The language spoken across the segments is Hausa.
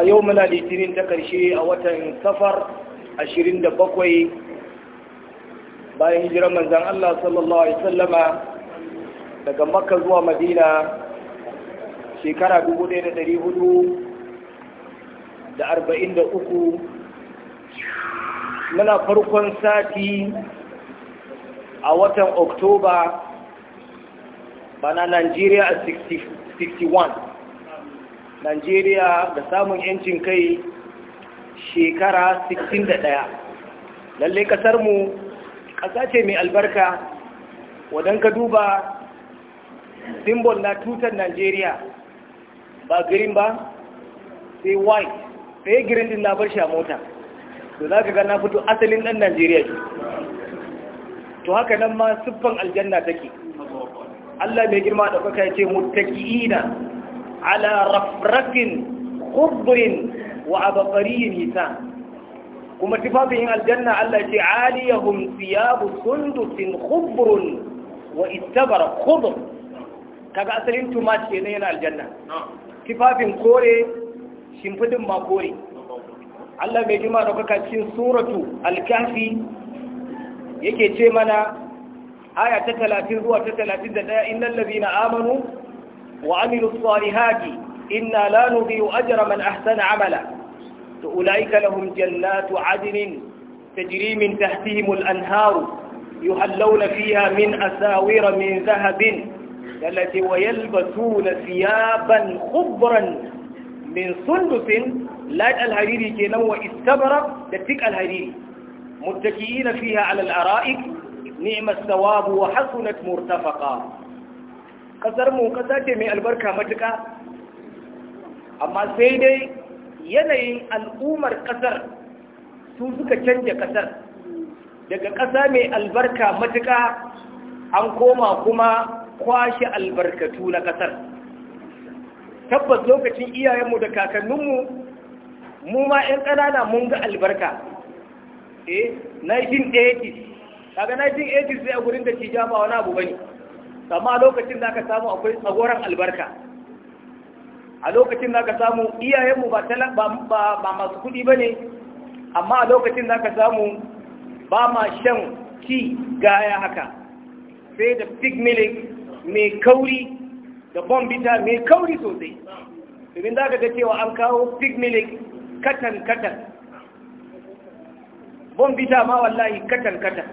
a yau muna litinin ta karshe a watan safar 27 bayan hijiran manzan Allah sallallahu Alaihi sallama daga makka zuwa madina shekara 1443 muna farkon sati a watan oktoba bana nigeria 61 Najeriya da samun yancin kai shekara 61 lalle kasarmu ƙasa ce mai albarka wadan ka duba simbol na tutar Najeriya ba green ba sai white sai green din na bar mota to za ka na fito asalin ɗan Najeriya to haka nan ma siffan aljanna take Allah mai girma da kuka ce mutaki'ina على رفرق خضر وعبقري نيسان كما تفاضهم الجنة التي عاليهم ثياب سندس خضر واستبرق خضر kaga asalin tumaci ke nan yana aljanna kifafin kore shimfidin ma kore Allah mai jima da kuka cikin suratu alkafi yake ce mana haya ta talatin zuwa ta talatin da ɗaya in lallabi na amanu وعملوا الصالحات إنا لا نضيع أجر من أحسن عملا فأولئك لهم جنات عدن تجري من تحتهم الأنهار يحلون فيها من أساور من ذهب التي ويلبسون ثيابا خضرا من سندس لا الهريري كنو استبر لتك الهريري متكئين فيها على الأرائك نعم الثواب وحسنت مرتفقا Ƙasarmu mu kasa ce mai albarka matuƙa amma sai dai yanayin al'ummar ƙasar su suka canja ƙasar. daga ƙasa mai albarka matuƙa an koma kuma kwashe albarkatu na ƙasar tabbas lokacin iyayenmu da kakanninmu mu ma 'yan ƙanana mun ga albarka eh 1980 daga 1980 sai a gurin da ke jama'a, wani abu bane amma lokacin da aka samu akwai tsagoran albarka a lokacin da aka samu iyayenmu ba masu kuɗi ba ne amma a lokacin da aka samu ba ma shan ki gaya haka sai da pig milik mai kauri da bombita mai kauri sosai domin za ka ga cewa an kawo pig milik katan-katan bombita ma wallahi katan-katan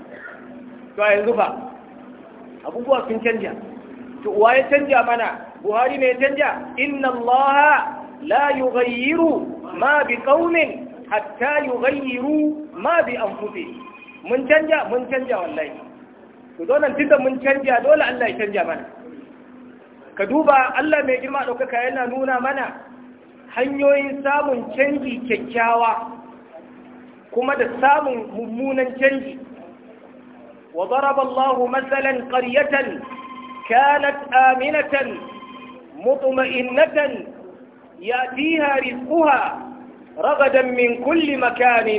to a yanzu ba abubuwa sun canja to wa ya canja mana buhari ne ya canja inna allaha la yughayyiru ma bi qaumin hatta yughayyiru ma bi anfusihim mun canja mun canja wallahi to dole tunda mun canja dole Allah ya canja mana ka duba Allah mai girma ɗaukaka yana nuna mana hanyoyin samun canji kyakkyawa kuma da samun mummunan canji وضرب الله مثلا قرية كانت آمنة مطمئنة يأتيها رزقها رغدا من كل مكان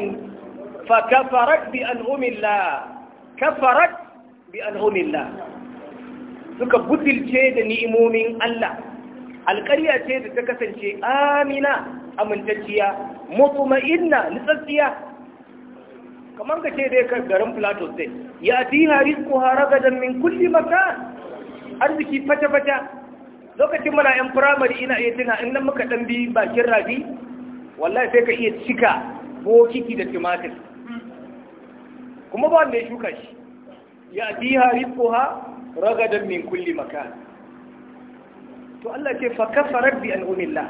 فكفرت ب أ الله كفرت ب أ ن ع م الله سكبت الجيد نئموم الله ا ل تكسن شيء امنه امن تجيا مطمئنة ط kamar ka ce dai ka garin plato sai ya tina rizku haragadan min kulli makan arziki fata-fata lokacin muna yan firamare ina iya tuna in nan muka ɗan bi bakin rafi wallahi sai ka iya cika bokiki da tumatir kuma ba wanda ya shuka shi ya biha rizquha ragadan min kulli makan to Allah ce fa kafara bi an umilla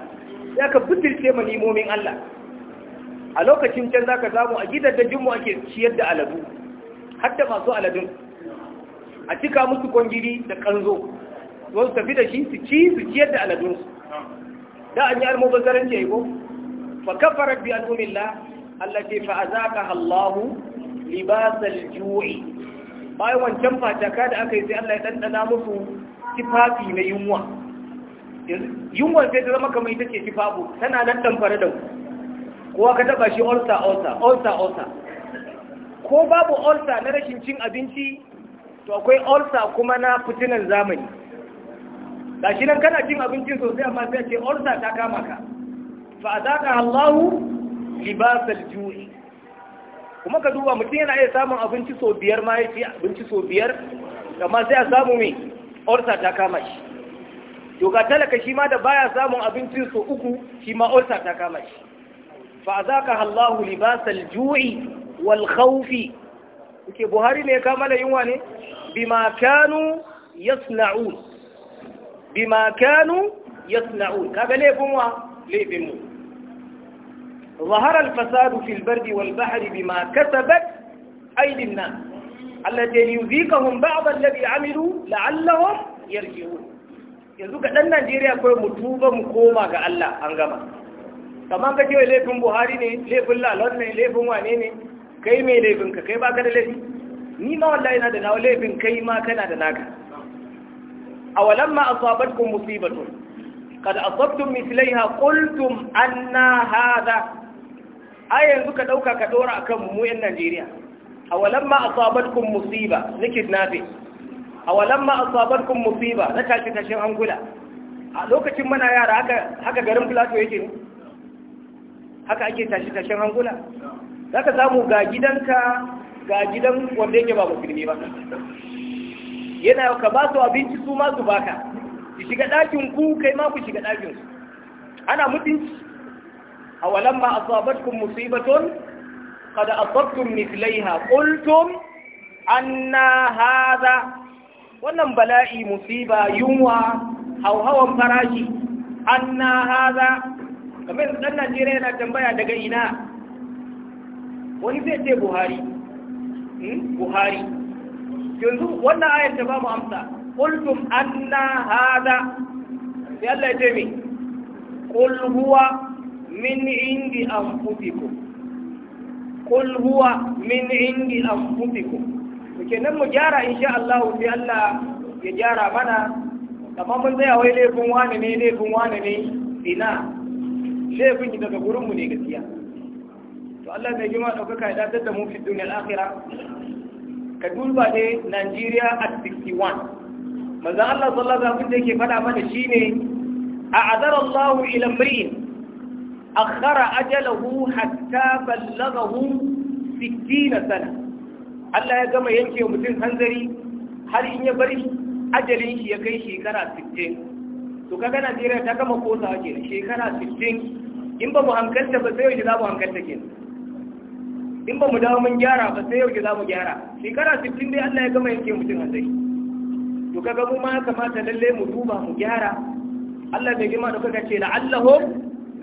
ya ka budurce ma nimomin Allah a lokacin can za ka samu a gidajen mu ake ciyar da aladu Hatta masu aladun a cika musu kwangiri da kanzo wasu tafi da shi su ci su ciyar da aladunsu da an yi almubazaranci ya yi ko fa kafara bi al'umillah Allah ce fa azaka Allahu libasal ju'i bayan wancan fataka da aka yi sai Allah ya dandana musu kifafi na yunwa yunwa sai ta zama kamar ita ce kifafu tana nan damfare da mu kowa ka taba shi olsa ulcer ulcer ulcer ko babu ulcer na rashin cin abinci to akwai ulcer kuma na fitinan zamani ga shi nan kana cin abincin sosai amma sai ce ulcer ta kama ka fa azaka Allahu libasal ju'i kuma ka duba mutum yana iya samun abinci sau biyar ma ya ci abinci sau biyar amma sai a samu mai ulcer ta kama shi to ga talaka shi ma da baya samun abincin sau uku shi ma ulcer ta kama shi فأذاقها الله لباس الجوع والخوف ke buhari ne ka mana yunwa ne bima kanu yasna'un bima kanu yasna'un kaga laifin wa ظهر الفساد في البر والبحر بما كسبت أيدي الناس التي ليذيقهم بعض الذي عملوا لعلهم يرجعون yanzu ga ɗan Najeriya kawai mutuba mu koma ga Allah an gama kamar ka cewa laifin buhari ne laifin lalot ne laifin wane ne kai mai laifin ka kai baka da laifi ni ma wallahi na da nawa laifin kai ma kana da naka a walamma asabatkum musibatun kad asabtum mithlaiha qultum anna hadha a yanzu ka ɗauka ka ɗora a kan mu yan Najeriya. A walan ma a sabatkun musiba na kidnapping, a walan ma a musiba na tashi tashin angula. A lokacin mana yara haka garin Plato yake ne? haka ake tashi tashin hankula za ka samu ga gidanka ga gidan wanda yake ba musulmi ba yana ka ba su abinci su ma su baka ki shiga ɗakin ku kai ma ku shiga ɗakin su ana mutunci a walamma asabatkum musibatun qad asabtum mithlaiha qultum anna hadha wannan bala'i musiba yunwa hauhawan farashi Annahaza. kamar nan Najeriya yana tambaya daga ina wani zai ce Buhari hmm? Buhari yanzu wannan ayar ta ba mu amsa an anna hada sai Allah ya ce mi kul huwa min indi anfusikum kul huwa min indi anfusikum nan mu gyara insha Allah sai Allah ya gyara mana amma mun tsaya wai laifin wani ne laifin wani ne ina laifin ki daga gurinmu ne gaskiya to Allah mai girma ɗaukaka ya datar da mu fi duniyar akhira ka duba ne Najeriya at 61 maza Allah sallallahu alaihi wasallam yake faɗa mana shine a'adara Allah ila mri'in akhara ajalahu hatta ballaghahu 60 sana Allah ya gama yanke mutum hanzari har in ya bari ajalin shi ya kai shekara 60 to kaga Najeriya ta gama kosawa ke shekara 15 in ba mu hankalta ba sai yau za mu hankalta ke in ba mu dawo mun gyara ba sai yau za mu gyara shekara 15 dai Allah ya gama yanke mutum a sai, to kaga mu ma kamata lalle mu duba mu gyara Allah bai gima da kaga ce la'allahum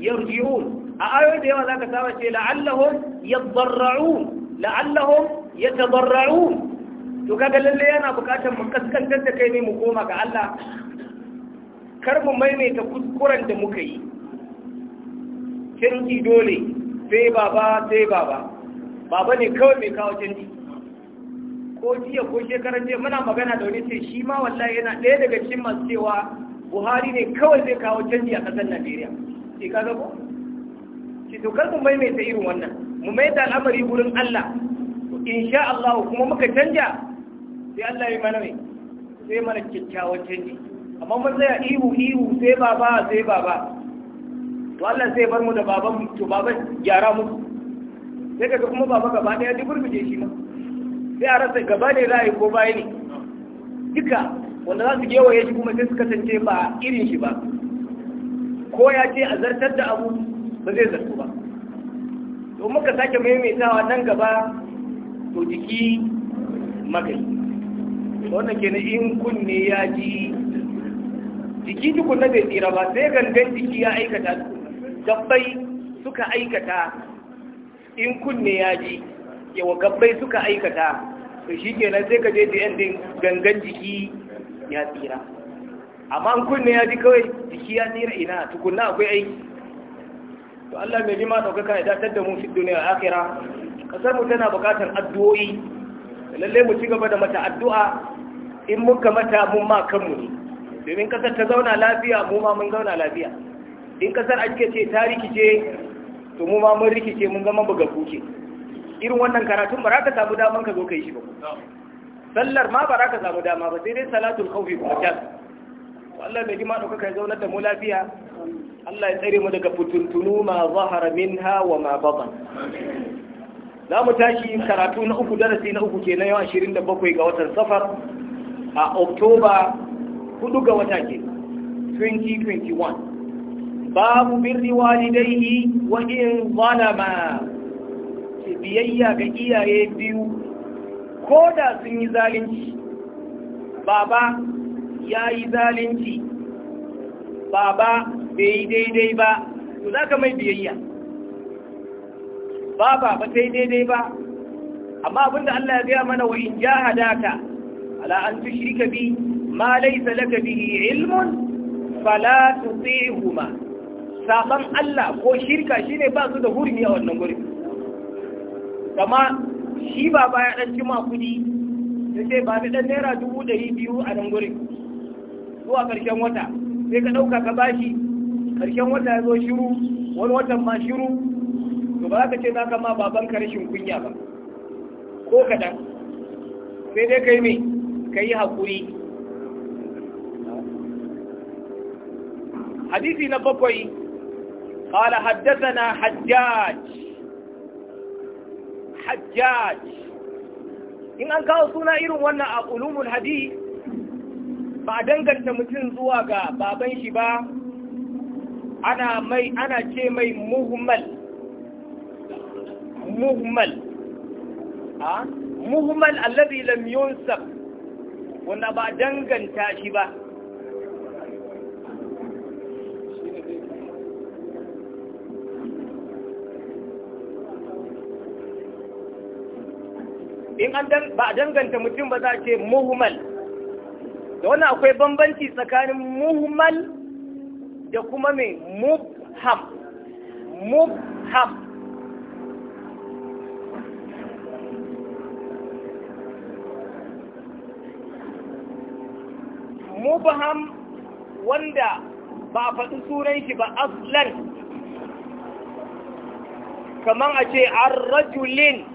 yarji'un a ayoyi da yawa zaka saba ce la'allahum yadarra'un la'allahum yatadarra'un to kaga lalle yana bukatar mu kaskantar da kai ne mu koma ga Allah kar mu maimaita kuskuren da muka yi canji dole sai baba sai baba baba ne kawai mai kawo canji ko jiya ko shekarar jiya muna magana da wani sai shi ma wallahi yana ɗaya daga cikin masu cewa buhari ne kawai zai kawo canji a ƙasar najeriya sai ka ko sai to kar mu maimaita irin wannan mu maimaita al'amari gurin allah sha Allah kuma muka canja sai Allah ya mana mai sai mana kyakkyawan canji amma mun tsaya ihu ihu sai baba sai baba to Allah sai bar mu da baban to baban gyara mu sai kaga kuma baba gaba daya duk burbuje shi ma sai a rasa gaba ne ra'ayi ko baya ne duka wanda za su gewaye shi kuma sai su kasance ba irin shi ba ko ya ce a zartar da abu ba zai zartu ba to muka sake maimaitawa nan gaba to jiki magai wannan kenan in kunne ya ji jiki tukunna bai tsira ba sai gangan jiki ya aikata gabbai suka aikata in kunne ya ji yawa gabbai suka aikata su shi ke nan sai ka je da yadda gangan jiki ya tsira amma in kunne ya ji kawai jiki ya tsira ina tukunna akwai aiki to Allah mai jima ka ya datar da mun fi duniya akira kasar mu tana bukatar addu'o'i lalle mu ci gaba da mata addu'a in muka mata mun ma kanmu ne domin kasar ta zauna lafiya mu ma mun zauna lafiya in kasar cike ce ta rikice to mu ma mun rikice mun zama buga kuke irin wannan karatun ba za ka samu daman ka zo ka yi shi ba sallar ma ba za ka samu dama ba sai dai salatul khawfi kuma can Allah bai ji ma ɗaukaka ya zaunar da mu lafiya Allah ya tsare mu daga fituntunu ma zahara minha wa ma batan za mu tashi karatu na uku darasi na uku kenan yau 27 ga watan safar a oktoba hudu ga wata ke 2021 babu birni walidaihi wa in zalama biyayya ga iyaye biyu ko da sun yi zalunci baba ya yi zalunci baba bai yi daidai ba to za ka mai biyayya baba ba sai daidai ba amma abinda Allah ya gaya mana wa in jahadaka ala an tushrika bi ما ليس لك به علم فلا تطيعهما saban Allah ko shirka shine ba su da hurmi a wannan gurin kama shi ba baya dan jima kudi ce ba da dan naira dubu ɗari biyu a nan gurin zuwa ƙarshen wata sai ka ɗauka ka bashi ƙarshen wata ya zo shiru wani watan ma shiru to ba za ka ce za ka ma baban ka rashin kunya ba ko kaɗan sai dai kai me ka yi haƙuri hadisi na bakwai qala haddathana hajjaj hajjaj in an kawo suna irin wannan a ulumul hadith ba danganta mutum zuwa ga baban shi ba ana mai ana ce mai muhmal muhmal a muhmal alladhi lam yunsab ba danganta shi ba in an ba a danganta mutum ba za ce muhmal da wannan akwai bambanci tsakanin muhmal da kuma mai mubham mubham mubham wanda ba a faɗi sunan shi ba aslan kamar a ce an rajulin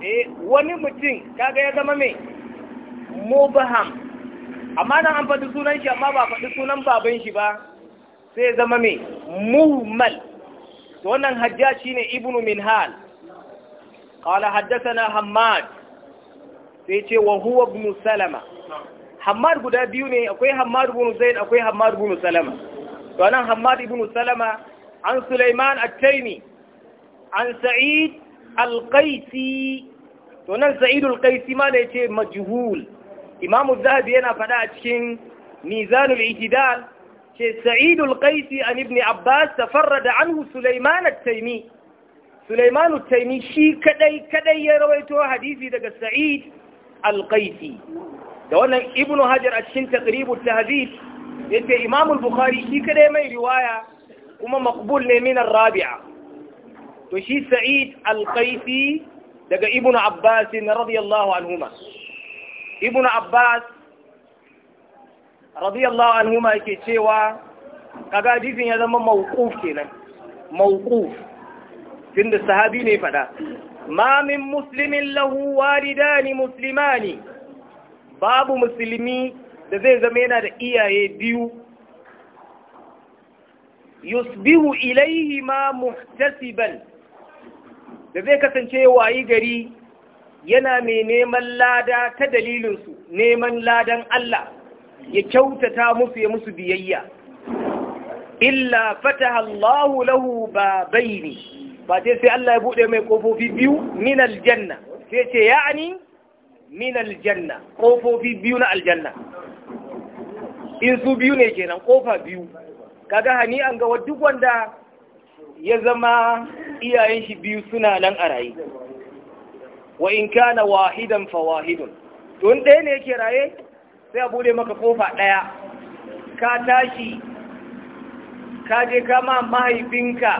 eh wani mutum kaga ya zama mai mubaham amma nan an faɗi sunan shi amma ba faɗi sunan baban shi ba sai ya zama mai muhammad to wannan hajja shine ibnu minhal qala haddathana hammad sai ce wa huwa ibn salama hammad guda biyu ne akwai hammad ibn zaid akwai hammad ibn salama to nan hammad ibn salama an sulaiman at-taymi an sa'id alƙaisi to nan sa'idul ƙaisi ma da ya ce majhul imamu zahabi yana faɗa a cikin mizanul itidal ce sa'idul ƙaisi an ibn abbas tafarrada anhu sulaiman at-taimi sulaiman taimi shi kadai kadai ya rawaito hadisi daga sa'id al-qaisi da wannan ibnu hajar a cikin ta hadis, yace imamu bukhari shi kadai mai riwaya kuma makbul ne minan rabia to shi sa'id alkaisi daga ibn abbas radiyallahu anhuma ibn abbas radiyallahu anhuma yake cewa kaga hadisin ya zama mawquf kenan mawquf tunda sahabi ne fada ma min muslimin lahu walidan muslimani babu musulmi da zai zama yana da iyaye biyu yusbihu ma muhtasiban da zai kasance wayi gari yana mai neman lada ta dalilinsu neman ladan Allah ya kyautata musu ya musu biyayya illa fataha Allahu lahu babaini ba ce sai Allah ya buɗe mai kofofi biyu min aljanna sai ce ya'ani min aljanna kofofi biyu na aljanna in su biyu ne kenan kofa biyu kaga hani an ga duk wanda ya zama iyayen shi biyu suna nan a raye wa in kana wahidan fa wahidun to in ɗaya ne yake raye sai a bude maka kofa ɗaya ka tashi ka je kama mahaifinka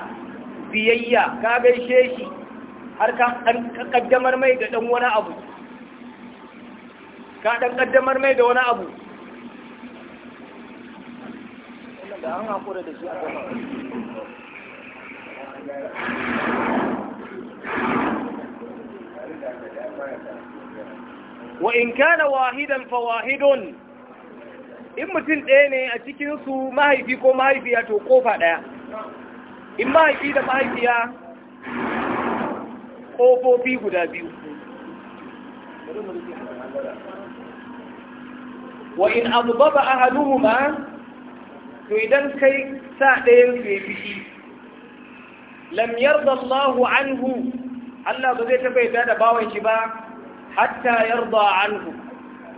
biyayya ka gaishe shi har ka kaddamar mai da ɗan wani abu ka ɗan kaddamar mai da wani abu da an haƙura da shi a gaba wa in kana wahidan fa wahidun in mutum ɗaya ne a cikin su mahaifi ko mahaifiya to kofa ɗaya in mahaifi da mahaifiya kofofi guda biyu wa in abu baba ahaduhuma to idan kai sa ɗayan su ya fi lam yarda Allahu anhu Allah ba zai taba yarda da bawan shi ba hatta yarda anhu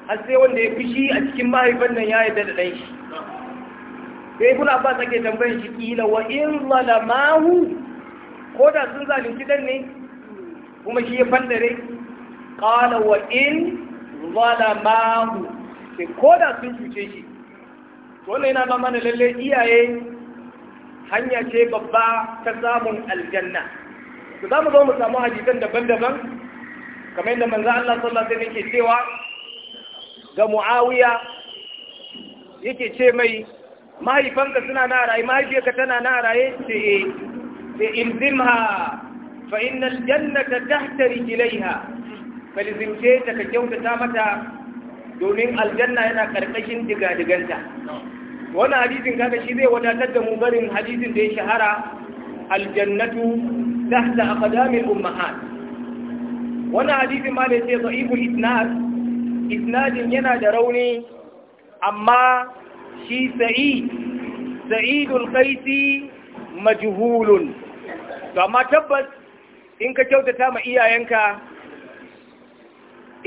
har sai wanda ya fishi a cikin mahaifan nan ya yarda da ɗan shi sai kuna ba ake tambayar shi kila wa in zalamahu ko da sun zalunci dan ne kuma shi ya fandare qala wa in zalamahu sai ko da sun cuce shi wannan yana ba mana lalle iyaye hanya ce babba ta samun aljanna to za mu zo mu samu hadisan daban-daban kamar yadda manzo Allah sallallahu alaihi ke yake cewa ga Muawiya yake ce mai mahaifanka suna na raye mahaifiyarka tana na raye ce ce ilzimha fa innal jannata tahta rijlaiha falzimce ta ka kyautata mata domin aljanna yana karkashin digadiganta wani hadisin kaga shi zai wadatar da mu barin hadisin da ya shahara aljannatu tahta aqdamil ummahat wani hadisin ma da yake da'ifu isnad isnadin yana da rauni amma shi sa'id sa'idul qaisi majhulun to amma tabbas in ka kyautata ma iyayenka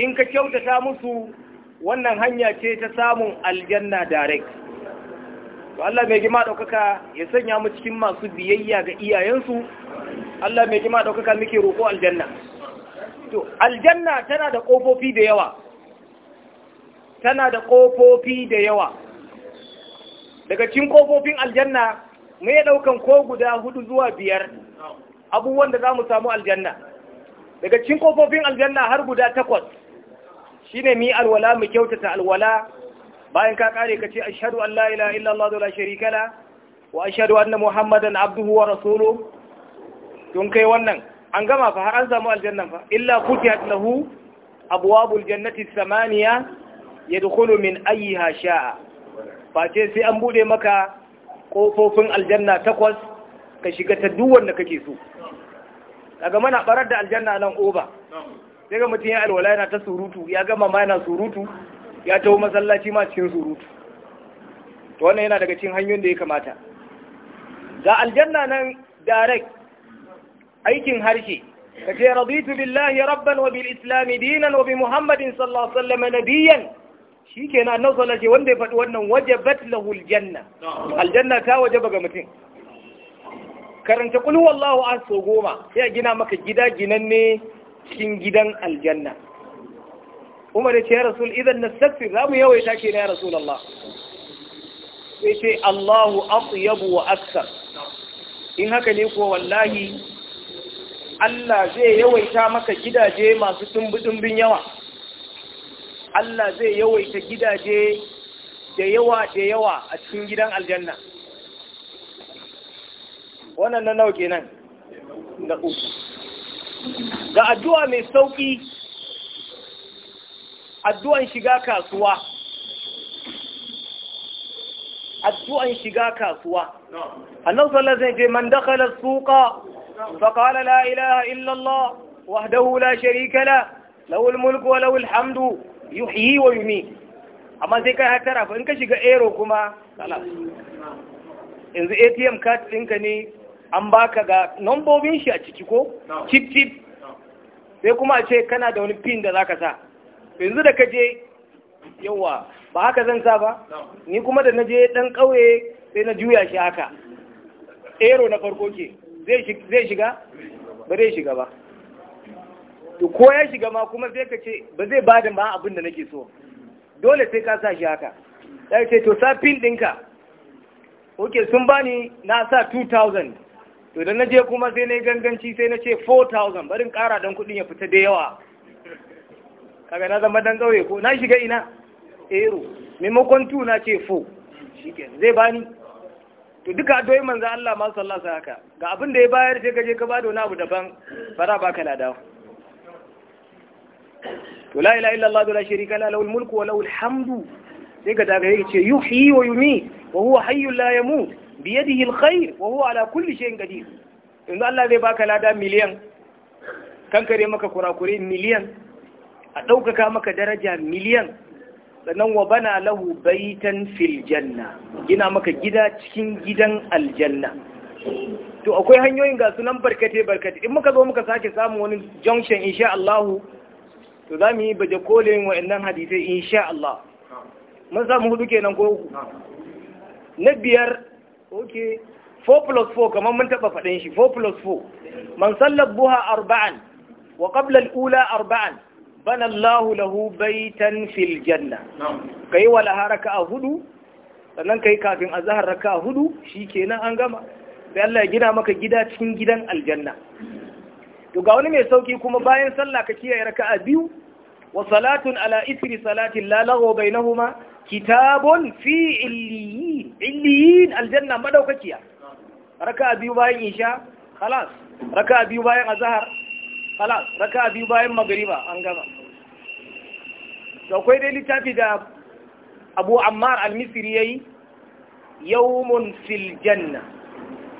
in ka kyautata musu wannan hanya ce ta samun aljanna direct to Allah mai gima daukaka ya sanya mu cikin masu biyayya ga iyayensu Allah mai gima daukaka muke roƙo aljanna to aljanna tana da kofofi da yawa tana da kofofi da yawa daga cikin kofofin aljanna mai daukan ko guda hudu zuwa biyar abubuwan da za mu samu aljanna daga cikin kofofin aljanna har guda takwas shine mi alwala mu kyautata alwala bayan ka kare ka ce ashhadu an la ilaha illallah wa la sharika la wa ashhadu anna muhammadan abduhu wa rasuluhu don kai wannan an gama fa har an samu aljanna fa illa futihat lahu abwabul jannati da yadkhulu min ayyiha sha'a face sai an bude maka kofofin aljanna takwas ka shiga ta duk wanda kake so daga mana barar da aljanna nan oba sai ga mutum ya alwala yana ta surutu ya gama ma yana surutu ya taho masallaci ma cikin surutu to wannan yana daga cikin hanyoyin da ya kamata ga aljanna nan direct aikin harshe kace raditu billahi rabban wa bil islam dinan wa bi muhammadin sallallahu alaihi wasallam nabiyyan shikenan annabi sallallahu alaihi wanda ya faɗi wannan wajabat lahu aljanna aljanna ta wajaba ga mutum karanta kul wallahu an so goma sai a gina maka gida ginanne cikin gidan aljanna umar da ce ya rasul idan na sakfir za mu yawaita ke na ya rasul Allah sai ce Allahu atyabu wa aksar in haka ne kuwa wallahi Allah zai yawaita maka gidaje masu tumbi-tumbin yawa Allah zai yawaita gidaje da yawa da yawa a cikin gidan aljanna wannan na nawa nan da uku ga addu'a mai sauƙi addu'an shiga kasuwa addu'an shiga kasuwa annan sallar zai ce man dakhala suka suqa fa qala la ilaha illa Allah la sharika la mulku wa lahu hamdu yi wa yumiit amma sai kai hatara fa in ka shiga aero kuma kala yanzu ATM card ɗinka ne an baka ga nombobin shi a ciki ko chip chip sai kuma a ce kana da wani pin da zaka sa yanzu da ka je yawa ba haka zan sa ba ni kuma da na je ɗan ƙauye sai na juya shi haka ero na farko ke zai shiga ba zai shiga ba to ko ya shiga ma kuma sai ka ce ba zai bada ma abin da nake so dole sai ka sa shi haka sai ce to sa pin ɗinka oke sun bani na sa 2000 to da na je kuma sai na ganganci sai na ce 4000 barin ƙara dan kuɗin ya fita da yawa kaga na zama dan gauye ko na shiga ina ero maimakon tu na ce fo shikenan zai bani to duka addu'o'in manzo Allah ma sallallahu alaihi haka ga abin da ya bayar sai ka je ka bada wani abu daban ba za baka ladawa to la ilaha Allah la sharika la lahul mulku wa lahul hamdu sai ka daga yake ce yuhyi wa yumi wa huwa hayyul la yamut bi yadihi alkhair wa huwa ala kulli shay'in qadir yanzu Allah zai baka lada miliyan kankare maka kurakure miliyan a ɗaukaka maka daraja miliyan sannan wa bana lahu baitan fil janna gina maka gida cikin gidan aljanna to akwai hanyoyin ga sunan barkate barkate in muka zo muka sake samun wani junction insha Allah to za mu yi baje kolin wa'annan hadisai insha Allah mun samu hudu kenan ko uku na biyar okay 4 plus 4 kamar mun taba faɗin shi 4 plus 4 man sallab buha arba'an wa qabla al-ula arba'an bana Allahu lahu baitan fil janna kai wala haraka a hudu sannan kai kafin azhar raka hudu shikenan an gama sai Allah ya gina maka gida cikin gidan aljanna to ga wani mai sauki kuma bayan sallah ka kiyaye raka'a biyu wa salatun ala isri salatin la lagho bainahuma kitabun fi illiyin illiyin aljanna madaukakiya raka'a biyu bayan isha khalas raka'a biyu bayan azhar halas raka biyu bayan magariba an gama da akwai dai littafi da abu ammar al-misri ya yi fil janna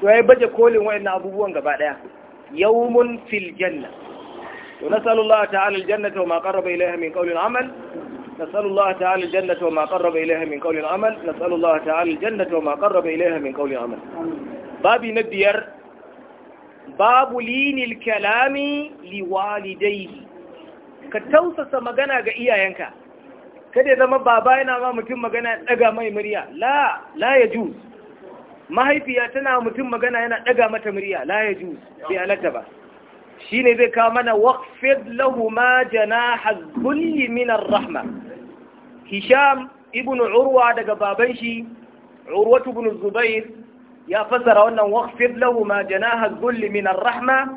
to ya yi baje kolin wayannan abubuwan gaba daya yawmun fil janna to nasallallahu ta'ala al-jannata wa ma qarraba ilayha min qawlin amal نسأل الله تعالى الجنة وما قرب إليها من قول عمل نسأل الله تعالى الجنة وما قرب إليها من قول عمل بابي biyar. babu linil kalami liwalidaihi ka tausasa magana ga iyayenka kada ya zama baba yana ma mutum magana daga mai murya la la ya juz mahaifiya tana mutum magana yana daga mata murya la ya juz bai halatta ba shine zai kawo mana waqfid lahuma janaha kulli min ar-rahma hisham ibnu urwa daga baban shi urwatu ibn zubair ya fassara wannan waqfid lahu ma janaha dhulli min ar-rahma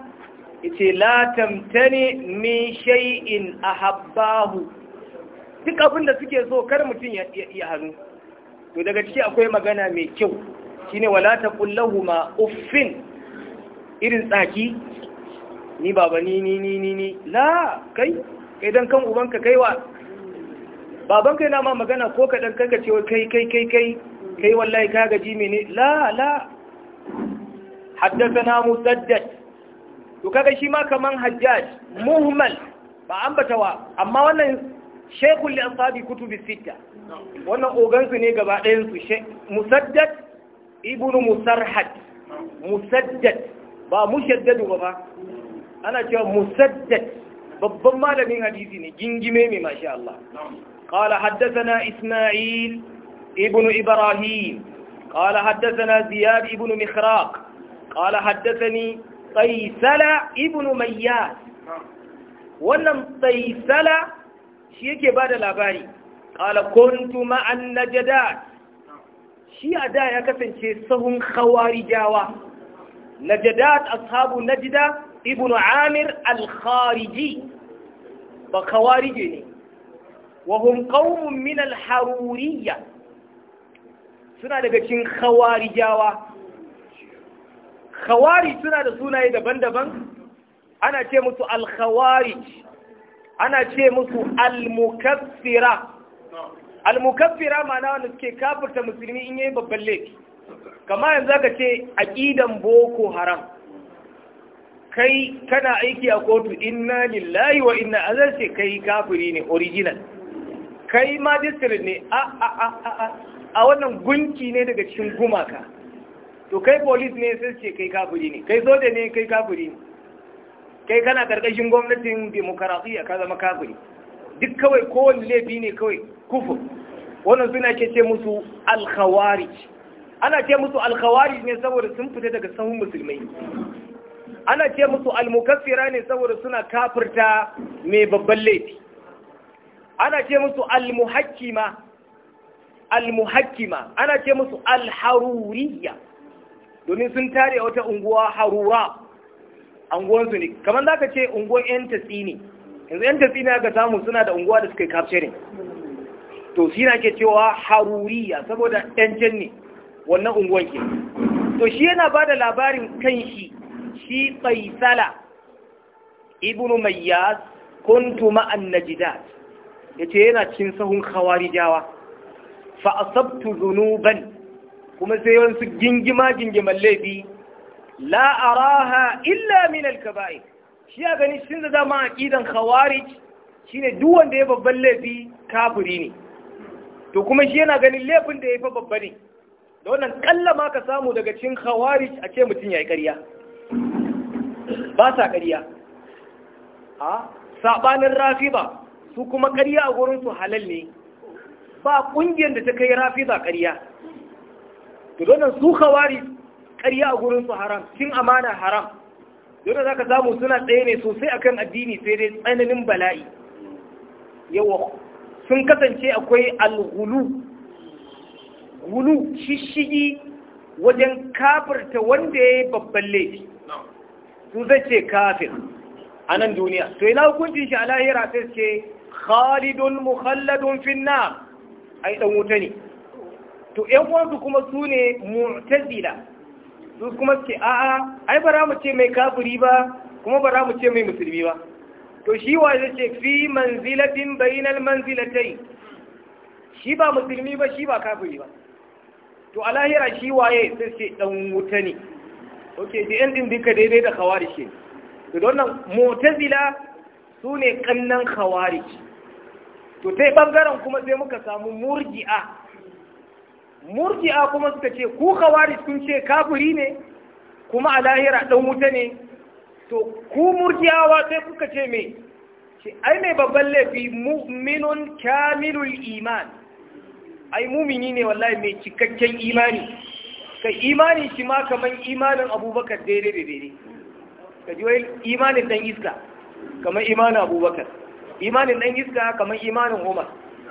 ite la tamtani min shay'in ahabbahu duk abin da suke so kar mutum ya iya hannu to daga ciki akwai magana mai kyau shine wala taqul lahu ma uffin irin tsaki ni baba ni ni ni ni la kai kai dan kan ubanka kaiwa babanka yana ma magana ko ka dan kanka ce kai kai kai kai kai wallahi kaga gaji mene la la haddathana musaddad to kaga shi ma kaman hajjaj muhmal ba ambatawa amma wannan shaykhul li ashabi kutubi sita wannan ogansu ne gaba ɗayan su musaddad ibnu musarhad musaddad ba mushaddadu ba ba ana cewa musaddad babban malamin hadisi ne gingime mai masha Allah qala haddathana isma'il ابن إبراهيم قال حدثنا زياد ابن مخراق قال حدثني طيسلا ابن مياس ولم طيسلا شيء بعد الأباري قال كنت مع النجدات شيء أدا يكفن شيء سهم خواري جاوة نجدات أصحاب نجدة ابن عامر الخارجي فخوارجني وهم قوم من الحرورية suna daga cikin khawarijawa khawari suna da sunaye daban-daban ana ce musu al-khawarij ana ce musu al-mukaffira al-mukaffira ma'ana wanda suke kafirta musulmi in yayi babban laifi Kamar yanzu aka ce aqidan boko haram kai kana aiki a kotu inna lillahi wa inna ilaihi kai kafiri ne original kai ma district ne a a a a a wannan gunki ne daga cikin gumaka to kai polis ne sai ce kai kafuri ne kai zode ne kai kafuri ne kai kana karkashin gwamnatin demokaratiyya ka zama kafuri. duk kawai kowane laifi ne kawai kufu. wannan suna ke ce musu alkhawarij ana ce musu alkhawarij ne saboda sun fita daga sahun musulmai ana ce musu almukaffira ne saboda suna kafirta mai babban laifi ana ce musu almuhakkima al-muhakkima ana ce musu al-haruriya domin sun tare wata unguwa harura unguwansu ne kamar za ka ce unguwan 'yan ne yanzu 'yan ne aka samu suna da unguwa da suka yi capturing to shi na ke cewa haruriya saboda 'yancin ne wannan unguwan ke to shi yana ba da labarin kan shi shi tsaisala ibnu mayyaz kuntu ma'an najidat ya ce yana cin sahun khawarijawa fa asabtu zunuban kuma sai wasu gingima gingiman laifi la illa min alkaba’i shi a gani shin da zama ƙidan khawarij shine duwan da ya babban laifi kafuri ne to kuma shi yana ganin laifin da ya fi babba ne da wannan kallama ka samu daga cin khawarij a ce mutum ya yi ƙarya ba sa ƙarya a sabanin rafiba su kuma ƙarya a wurinsu halal ne ba ƙungiyar da ta kai rafiza ƙarya to donan su kawari ƙarya a gurin su haram cin amana haram dole za ka samu suna tsaye ne sosai akan addini sai dai tsananin bala'i yawa sun kasance akwai alghulu gulu shishigi wajen kafirta wanda ya yi babban laifi su zai ce kafir a nan duniya to ina hukuncin shi a lahira sai ce khalidun mukhalladun finna ai dan wuta ne to ɗan uwansu kuma su ne mu'tazila su kuma suke a'a ai bara mu ce mai kafiri ba kuma bara mu ce mai musulmi ba to shi wa zai ce fi manzilatin bainal manzilatai shi ba musulmi ba shi ba kafiri ba to a lahira shi waye sai ce dan wuta ne okay da yan din duka daidai da khawarij ne to don nan mu'tazila su ne kannan khawarij to sai ɓangaren kuma sai muka samu murji'a murji'a kuma suka ce ku khawarij kun ce kafiri ne kuma a lahira dan wuta ne to ku murji'awa sai kuka ce me ce ai mai babban laifi mu'minun kamilul iman ai mumini ne wallahi mai cikakken imani ka imani shi ma kaman imanin abubakar daidai da daidai ka ji wai imanin dan iska kamar imanin abubakar imanin dan iska kamar imanin umar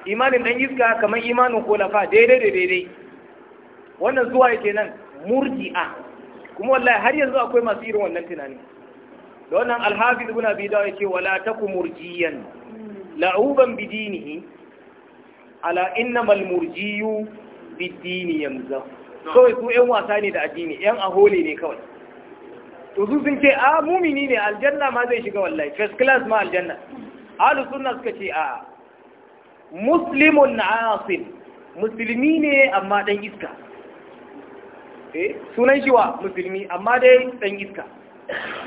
imanin dan iska kamar imanin khulafa daidai da daidai wannan zuwa yake nan murji'a kuma wallahi har yanzu akwai masu irin wannan tunani da wannan alhafiz ibn abi dawud yake wala taku murjiyan la'uban bidinihi ala innamal murjiyu bidini yamza kawai su yan wasa ne da addini yan ahole ne kawai to su sun ce a ah, mumini ne aljanna ma zai shiga wallahi first class ma aljanna ahlu sunna suka ce a muslimun asim musulmi ne amma dan iska eh sunan shi wa musulmi amma dai dan iska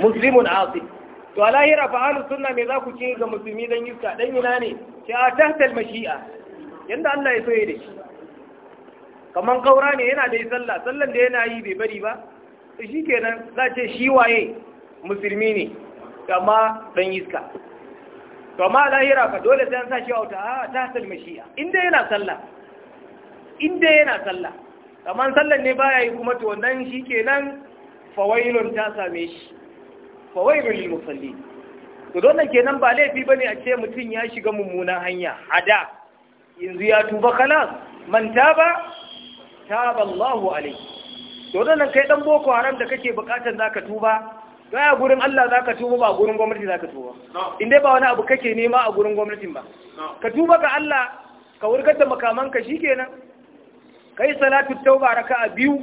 muslimun asim to Alahira fa ahlu sunna me za ku ce ga musulmi dan iska dan ina ne ce a tahtal mashi'a yanda Allah ya so ya da shi kaman kaura ne yana da yi sallah sallan da yana yi bai bari ba shi kenan za ce shi waye musulmi ne amma dan iska to amma lahira fa dole sai an sa shi a wuta a ta hasal mashi'a inda yana sallah inda yana sallah amma sallan ne baya yi kuma to wannan ke nan. fawailun ta same shi fawailun lil musallin to don nan kenan ba laifi bane a ce mutum ya shiga mummunan hanya hada yanzu ya tuba kalas man taba taba Allahu alaihi to don nan kai dan boko haram da kake bukatar zaka tuba ga gurin Allah za ka tuba ba gurin gwamnati za ka tuba in dai ba wani abu kake nema a gurin gwamnatin ba ka tuba ga Allah ka wurgar da makamanka shi kenan ka yi salatu tauba raka a biyu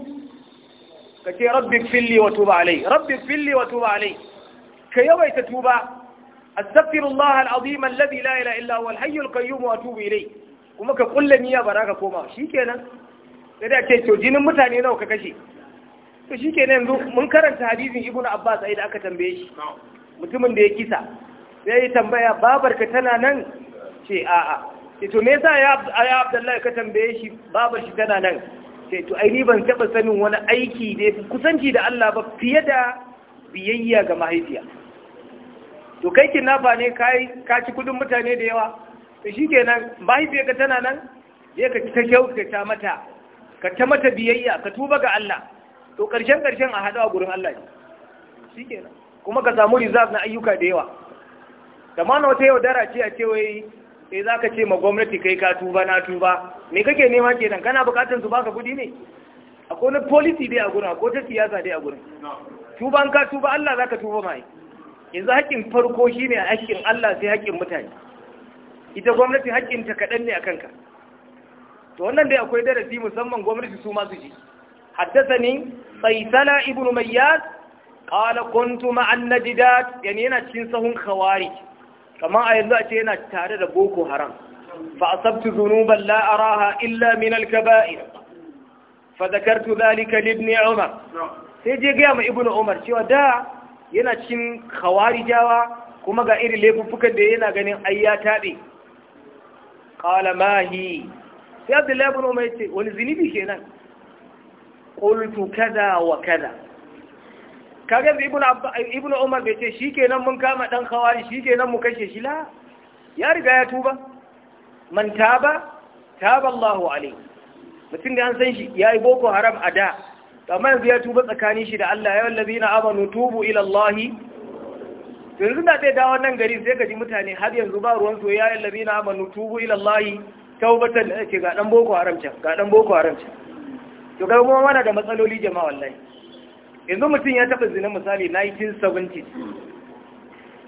ka ce rabbi filli wa tuba alai rabbi filli wa tuba alai ka yawaita tuba astaghfirullah alazim alladhi la ilaha illa huwa alhayyul qayyum wa atubu ilai kuma ka kulla niyya baraka koma shikenan sai da ce to jinin mutane nawa ka kashe to shi kenan mun karanta hadisin ibnu abbas ai da aka tambaye shi mutumin da ya kisa sai ya tambaya babarka tana nan ce a'a to me yasa ya abdullahi ka tambaye shi babar shi tana nan Sai to ai ni ban taba sanin wani aiki ne, kusanci da Allah ba fiye da biyayya ga mahaifiya to kai ba ne kai ka ci kudin mutane da yawa to shikenan ka tana nan ya ka ta mata ka ta mata biyayya ka tuba ga Allah to ƙarshen ƙarshen a haɗu a gurin Allah ne shi kenan kuma ka samu reserve na ayyuka da yawa da mana wata yaudara ce a wai sai eh, za ka ce ma gwamnati kai ka tuba na tuba me kake nema kenan kana bukatar su baka kudi ne akwai na policy dai a gurin ko ta siyasa dai a gurin tuban ka tuba Allah za ka tuba mai yanzu haƙƙin farko shi a haƙƙin Allah sai haƙƙin mutane ita gwamnati haƙƙin ta kaɗan ne a kanka to wannan dai akwai darasi musamman gwamnati su ma su ji haddasa ne. قيثلة ابن مياز قال كنت مع النجدات يعني أنا تنسهم خوارج كما أيضا أتينا تارد بوكو هرم فأصبت ذنوبا لا أراها إلا من الكبائر فذكرت ذلك لابن عمر سيجي قيام ابن عمر شو دا yana cin khawarijawa kuma ga irin laifuffukan da yana ganin ai ya tabe qala mahi sai Abdullahi ibn Umar yace wani zinubi kenan qultu kada wa kada kaga ibn ibn umar bai ce shikenan mun kama dan khawari shikenan mu kashe shi la ya riga ya tuba man taba taba Allahu Ali. mutum da an san shi yayi boko haram a da amma yanzu ya tuba tsakanin shi da Allah ya wallazina amanu tubu ila Allahi yanzu da zai da nan gari sai ka ji mutane har yanzu ba ruwan so ya labina amanu tubu ilallahi taubatan da ake ga dan boko haramcin ga dan boko haramcin to ga kuma mana da matsaloli jama'a wallahi yanzu mutum ya taɓa zina misali 1970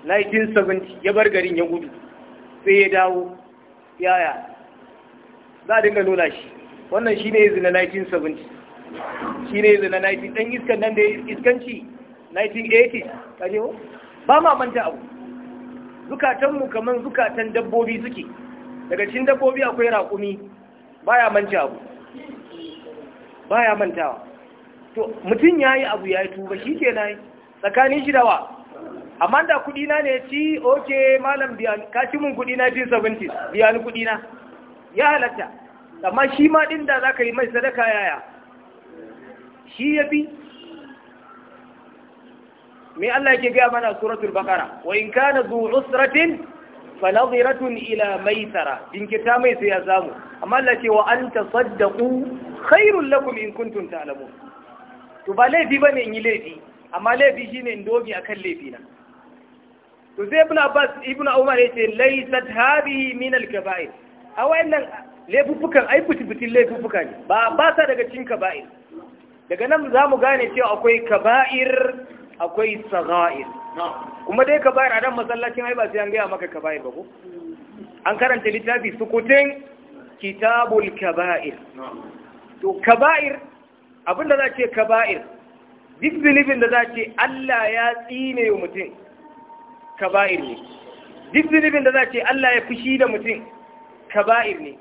1970 ya bar garin ya gudu sai ya dawo yaya za a dinga lola shi wannan shi ne ya zina 1970 shi ne ya zina 19 ɗan iskan nan da ya iskanci 1980 kaje ba ma manta abu zukatanmu kamar zukatan dabbobi suke daga cikin dabbobi akwai raƙumi baya manta abu Ba ya mantawa to mutum yayi abu yayi tuba shikenan tsakanin shi da wa amma da kudi na ne ci oke malam biyan ka ci mun kudi na 70 biyan kudi na ya halatta amma shi ma din da zaka yi mai sadaka yaya shi ya bi me Allah yake ga mana suratul baqara wa in kana zu usratin fa nadhiratun ila maisara din kita mai sai ya zamu amma Allah ce wa an saddaku khairun lakum in kuntum ta'lamun to ba laifi bane in yi laifi amma laifi shine in dogi akan laifi na to sai ibn Abbas ibn Umar yace laysat hadhihi min al-kaba'ir a wayannan laifuffukan ai fitifitin laifuffuka ne ba ba sa daga cikin kaba'ir daga nan za mu gane cewa akwai kaba'ir akwai sagha'ir kuma dai kaba'ir a nan masallacin ai ba sai an gaya maka kaba'ir ba ko an karanta littafi sukutin kitabul kaba'ir to kaba'ir abinda za ce kaba'ir duk zunubin da za ce Allah ya tsine mutum kaba'ir ne duk zunubin da za ce Allah ya fushi da mutum kaba'ir ne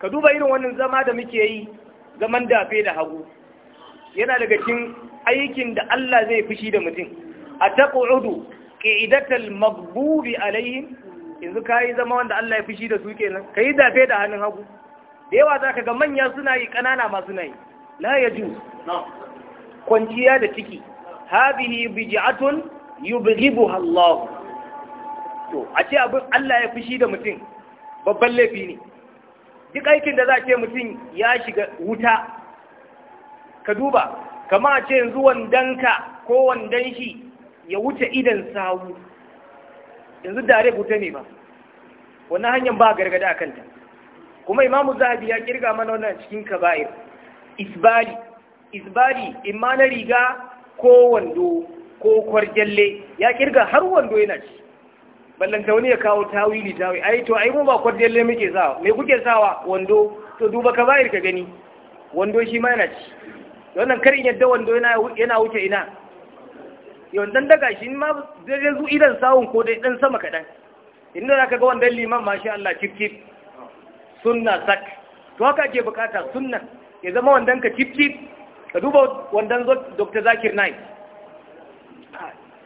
ka duba irin wannan zama da muke yi zaman dafe da hagu yana daga cikin aikin da Allah zai fushi da mutum a taqudu qidatal maghdubi alaihim yanzu ka yi zama wanda Allah ya fushi da su kenan ka yi dafe da hannun hagu da yawa za ka ga manya suna yi ƙanana ma suna yi la ya ju kwanciya da ciki habihi biji'atun yubghibu Allah to a ce abin Allah ya fushi da mutum babban laifi ne duk aikin da za ce mutum ya shiga wuta ka duba kama a ce yanzu wandanka ko wandan shi ya wuce idan sawu yanzu dare buta ne ba wannan hanyar ba gargada a kanta kuma imamu zahabi ya kirga mana wannan cikin kaba'ir isbali isbali imma na riga ko wando ko kwarjalle ya kirga har wando yana ci ballanta wani ya kawo tawili tawi ai to ai mun ba kwarjalle muke sawa me kuke sawa wando to duba kaba'ir ka gani wando shi ma yana ci wannan karin yadda wando yana wuce ina yau dan daga shi ma zai zu idan sawun ko dai dan sama kaɗan inda za ka ga wanda liman Mashi Allah cif sunna sak to haka ke bukata sunna ya zama wandan ka cif ka duba wandan Dr. Zakir Na'i.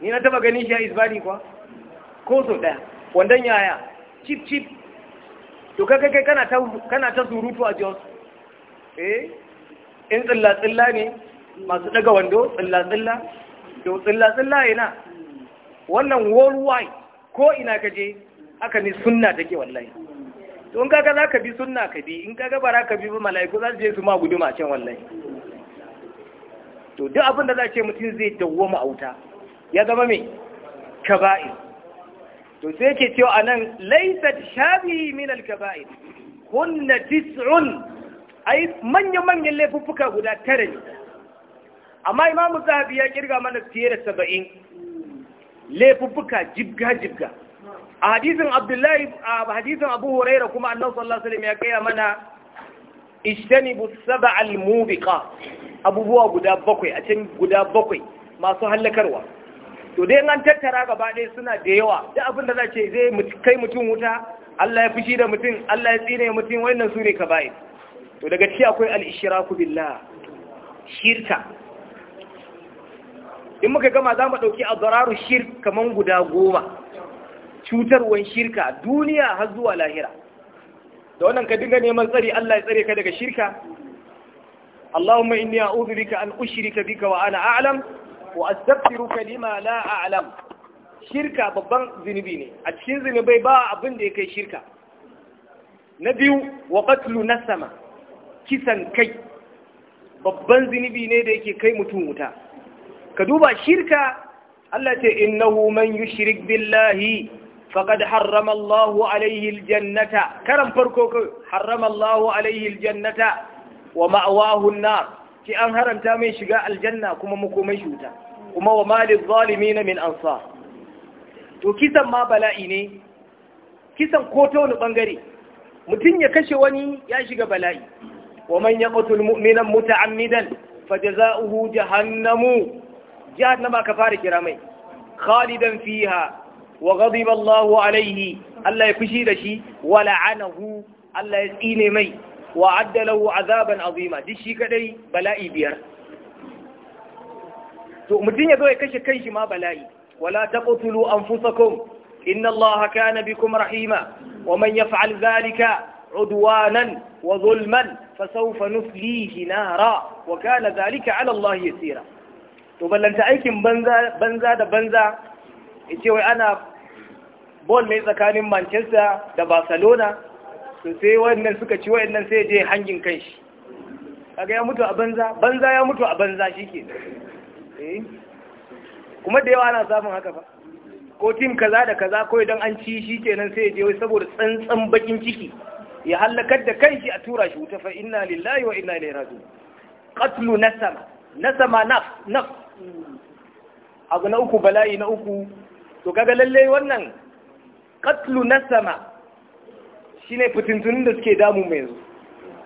ni na taba gani shi a Isbani kuwa ko so ɗaya wandan yaya cif cif to kaka kai kana ta surutu a Jos eh in tsilla tsilla ne masu daga wando tsilla tsilla to tsilla tsilla ina wannan worldwide ko ina ka je haka ne sunna take wallahi to in kaga zaka bi sunna ka bi in kaga bara ka bi ba mala'iku za su je su ma guduma can wallahi to duk abin da za ce mutum zai dawwama auta ya zama me kaba'ir to sai yake cewa anan laysat shami min al kabai kunna tis'un ai manya manyan laifuffuka guda tara ne amma imamu zahabi ya kirga mana fiye da saba'in laifuffuka jibga-jibga a hadisin abdullahi a hadisun abu huraira kuma annan sallallahu alaihi ya kaya mana Ishtani saba saba'al mubiqa abubuwa guda bakwai a can guda bakwai masu hallakarwa to dai an tattara gaba ɗaya suna da yawa da abin da za ce zai kai mutum wuta Allah ya fushi da mutum Allah ya tsine mutum wannan su ne ka bai. to daga ciki akwai al-ishraku billah shirka in muka gama za mu ɗauki azararu shirk kaman guda goma cutarwan shirka duniya har zuwa lahira da wannan ka dinga neman tsari Allah ya tsare ka daga shirka اللهم إني أعوذ بك أن أشرك بك وأنا أعلم وأستغفرك لما لا أعلم shirka babban zunubi ne a cikin zunubai ba abin da ya kai shirka na biyu wa qatlu nasama kisan kai babban zinubi ne da yake kai mutum wuta ka duba shirka Allah ce innahu man yushrik billahi faqad harrama Allah alayhi aljannata karan farko harrama Allah alayhi aljannata wa ma'wahu an-nar ki an haranta mai shiga aljanna kuma makomai shuta kuma wa malil zalimin min ansar to kisan ma bala'i ne kisan ko ta wani bangare mutum ya kashe wani ya shiga bala'i wa man yaqtul mu'mina muta'ammidan fajza'uhu jahannamu jahannama ka fara kira mai khalidan fiha wa ghadiba Allahu alaihi Allah ya fushi da shi wa la'anahu Allah ya tsine mai wa addalahu azaban azima duk shi kadai bala'i biyar to mutum ya zo ya kashe kanshi ma bala'i wala taqtulu anfusakum inna allah kana bikum rahima wa man yaf'al dhalika عدوانا وظلما فسوف نفليه wa kana zalika على ya tsira. to ballanta aikin banza da banza ya ce wai ana bol mai tsakanin manchester da barcelona to sai wannan suka ci wa'annan sai je hangin kan shi kaga ya mutu a banza banza ya mutu a banza shike eh? kuma da yawa ana samun haka ba ko tim kaza da kaza ko idan an ci shi kenan sai je wai saboda tsantsan bakin ciki ya halakar da kanshi a tura shi wuta fa inna lillahi wa inna ilaihi raji'un qatlu nasama nasama naf naf abu na uku bala'i na uku to kaga lalle wannan katlu na sama shine fitintunin da suke damu mai yanzu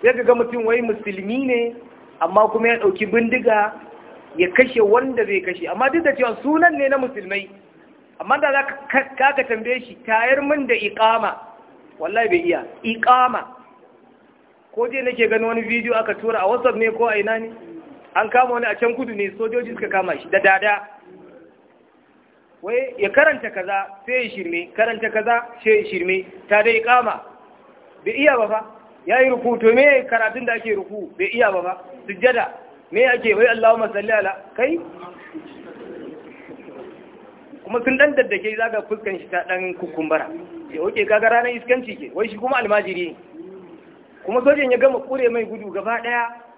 sai ga mutum wai musulmi ne amma kuma ya ɗauki bindiga ya kashe wanda zai kashe amma duk da cewa sunan ne na musulmai amma da za ka ka tambaye shi tayar min da iqama wallahi bai iya iqama ko je nake ganin wani video aka tura a WhatsApp ne ko a ina ne an kama wani a can kudu ne sojoji suka kama shi da dada wai ya karanta kaza sai ya shirme karanta kaza sai ya shirme ta dai kama bai iya ba fa ya yi ruku to me karatun da ake ruku bai iya ba fa sujjada me ake wai Allahumma salli ala kai kuma sun dan daddake zaga fuskan shi ta dan kukumbara ya oke kaga ranar iskanci ke wai shi kuma almajiri kuma sojan ya gama kure mai gudu gaba daya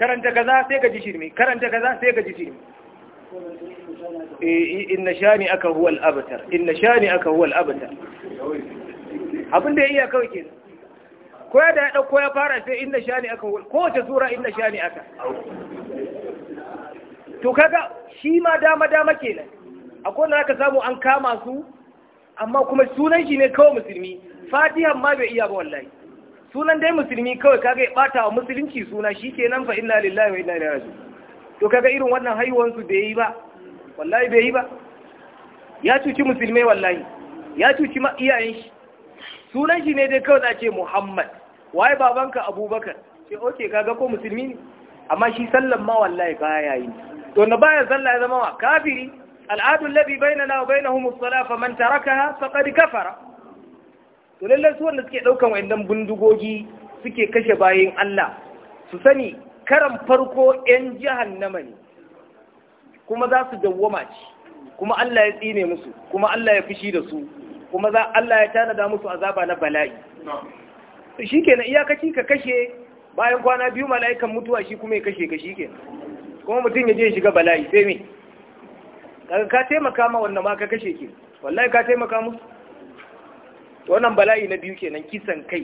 karanta gaza sai gaji ji shirme karanta gaza sai ka ji shirme eh, inna shani aka huwa al'abatar inna shani aka huwa al'abatar abin da ya iya kawai kenan ko ya da ya ɗauko ya fara sai inna shani aka huwa kowace sura inna shani aka to kaga shi ma dama dama kenan akwai wanda aka samu an kama su amma kuma sunan shi ne kawai musulmi fatihan ma bai iya ba wallahi sunan dai musulmi kawai kaga ya bata wa musulunci suna shikenan fa inna lillahi wa inna ilaihi raji'un to kaga irin wannan haihuwan su bai yi ba wallahi bai yi ba ya cuci musulmai wallahi ya cuci ma iyayen shi sunan shi ne dai kawai za ce Muhammad waye babanka Abubakar ce okay kaga ko musulmi ne amma shi sallan ma wallahi baya yi to na baya sallah ya zama wa kafiri al'adul ladhi bainana wa bainahum as-salah faman tarakaha faqad kafara to lallai su wanda suke ɗaukan wayannan bindigogi suke kashe bayan Allah su sani karan farko 'yan jahannama ne kuma za su dawwama ci kuma Allah ya tsine musu kuma Allah ya fushi da su kuma za Allah ya tanada musu azaba na bala'i shikenan iyakaci ka kashe bayan kwana biyu mala'ikan mutuwa shi kuma ya kashe ka shikenan kuma mutum ya je ya shiga bala'i sai me kaga ka taimaka ma wannan ma ka kashe ke wallahi ka taimaka musu wannan bala'i na biyu kenan kisan kai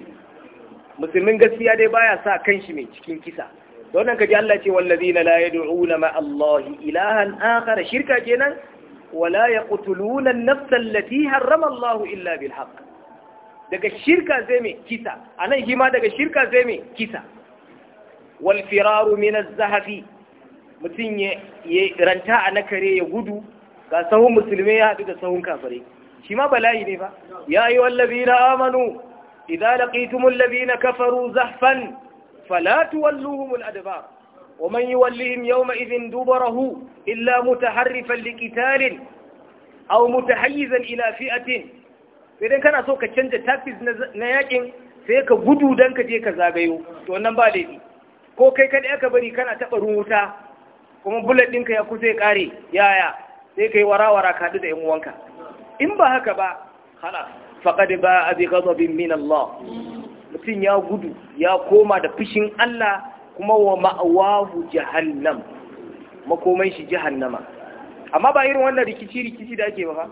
musulmin gaskiya dai baya sa kan shi mai cikin kisa da wannan kaji Allah ce wallazina la yad'una ma Allahi ilahan akhar shirka kenan wala yaqtuluna an-nafsa allati harrama Allahu illa bil haqq daga shirka zai mai kisa anan hima daga shirka zai mai kisa wal firaru min az-zahfi mutun ya ranta a nakare ya gudu ga sahun musulmai ya haɗu da sahun kafirai shi ma bala'i ne ba ya yi wallabi na amanu idan laqitumul na kafaru zahfan fala tuwalluhumul adbar wa man yuwallihim yawma idhin dubarahu illa mutaharrifan liqitalin aw mutahayyizan ila fi'atin idan kana so ka canja tactics na yakin sai ka gudu dan ka je ka zagayo to wannan ba laifi ko kai kada aka bari kana taba wuta, kuma bullet ɗinka ya kusa ya kare yaya sai kai warawara ka da yan uwanka in ba haka ba ba a ba'a bi bin min Allah mutum ya gudu ya koma da fushin Allah kuma wa ma'awahu jahannam makomai shi jahannama amma ba irin wannan rikici rikici da ake ba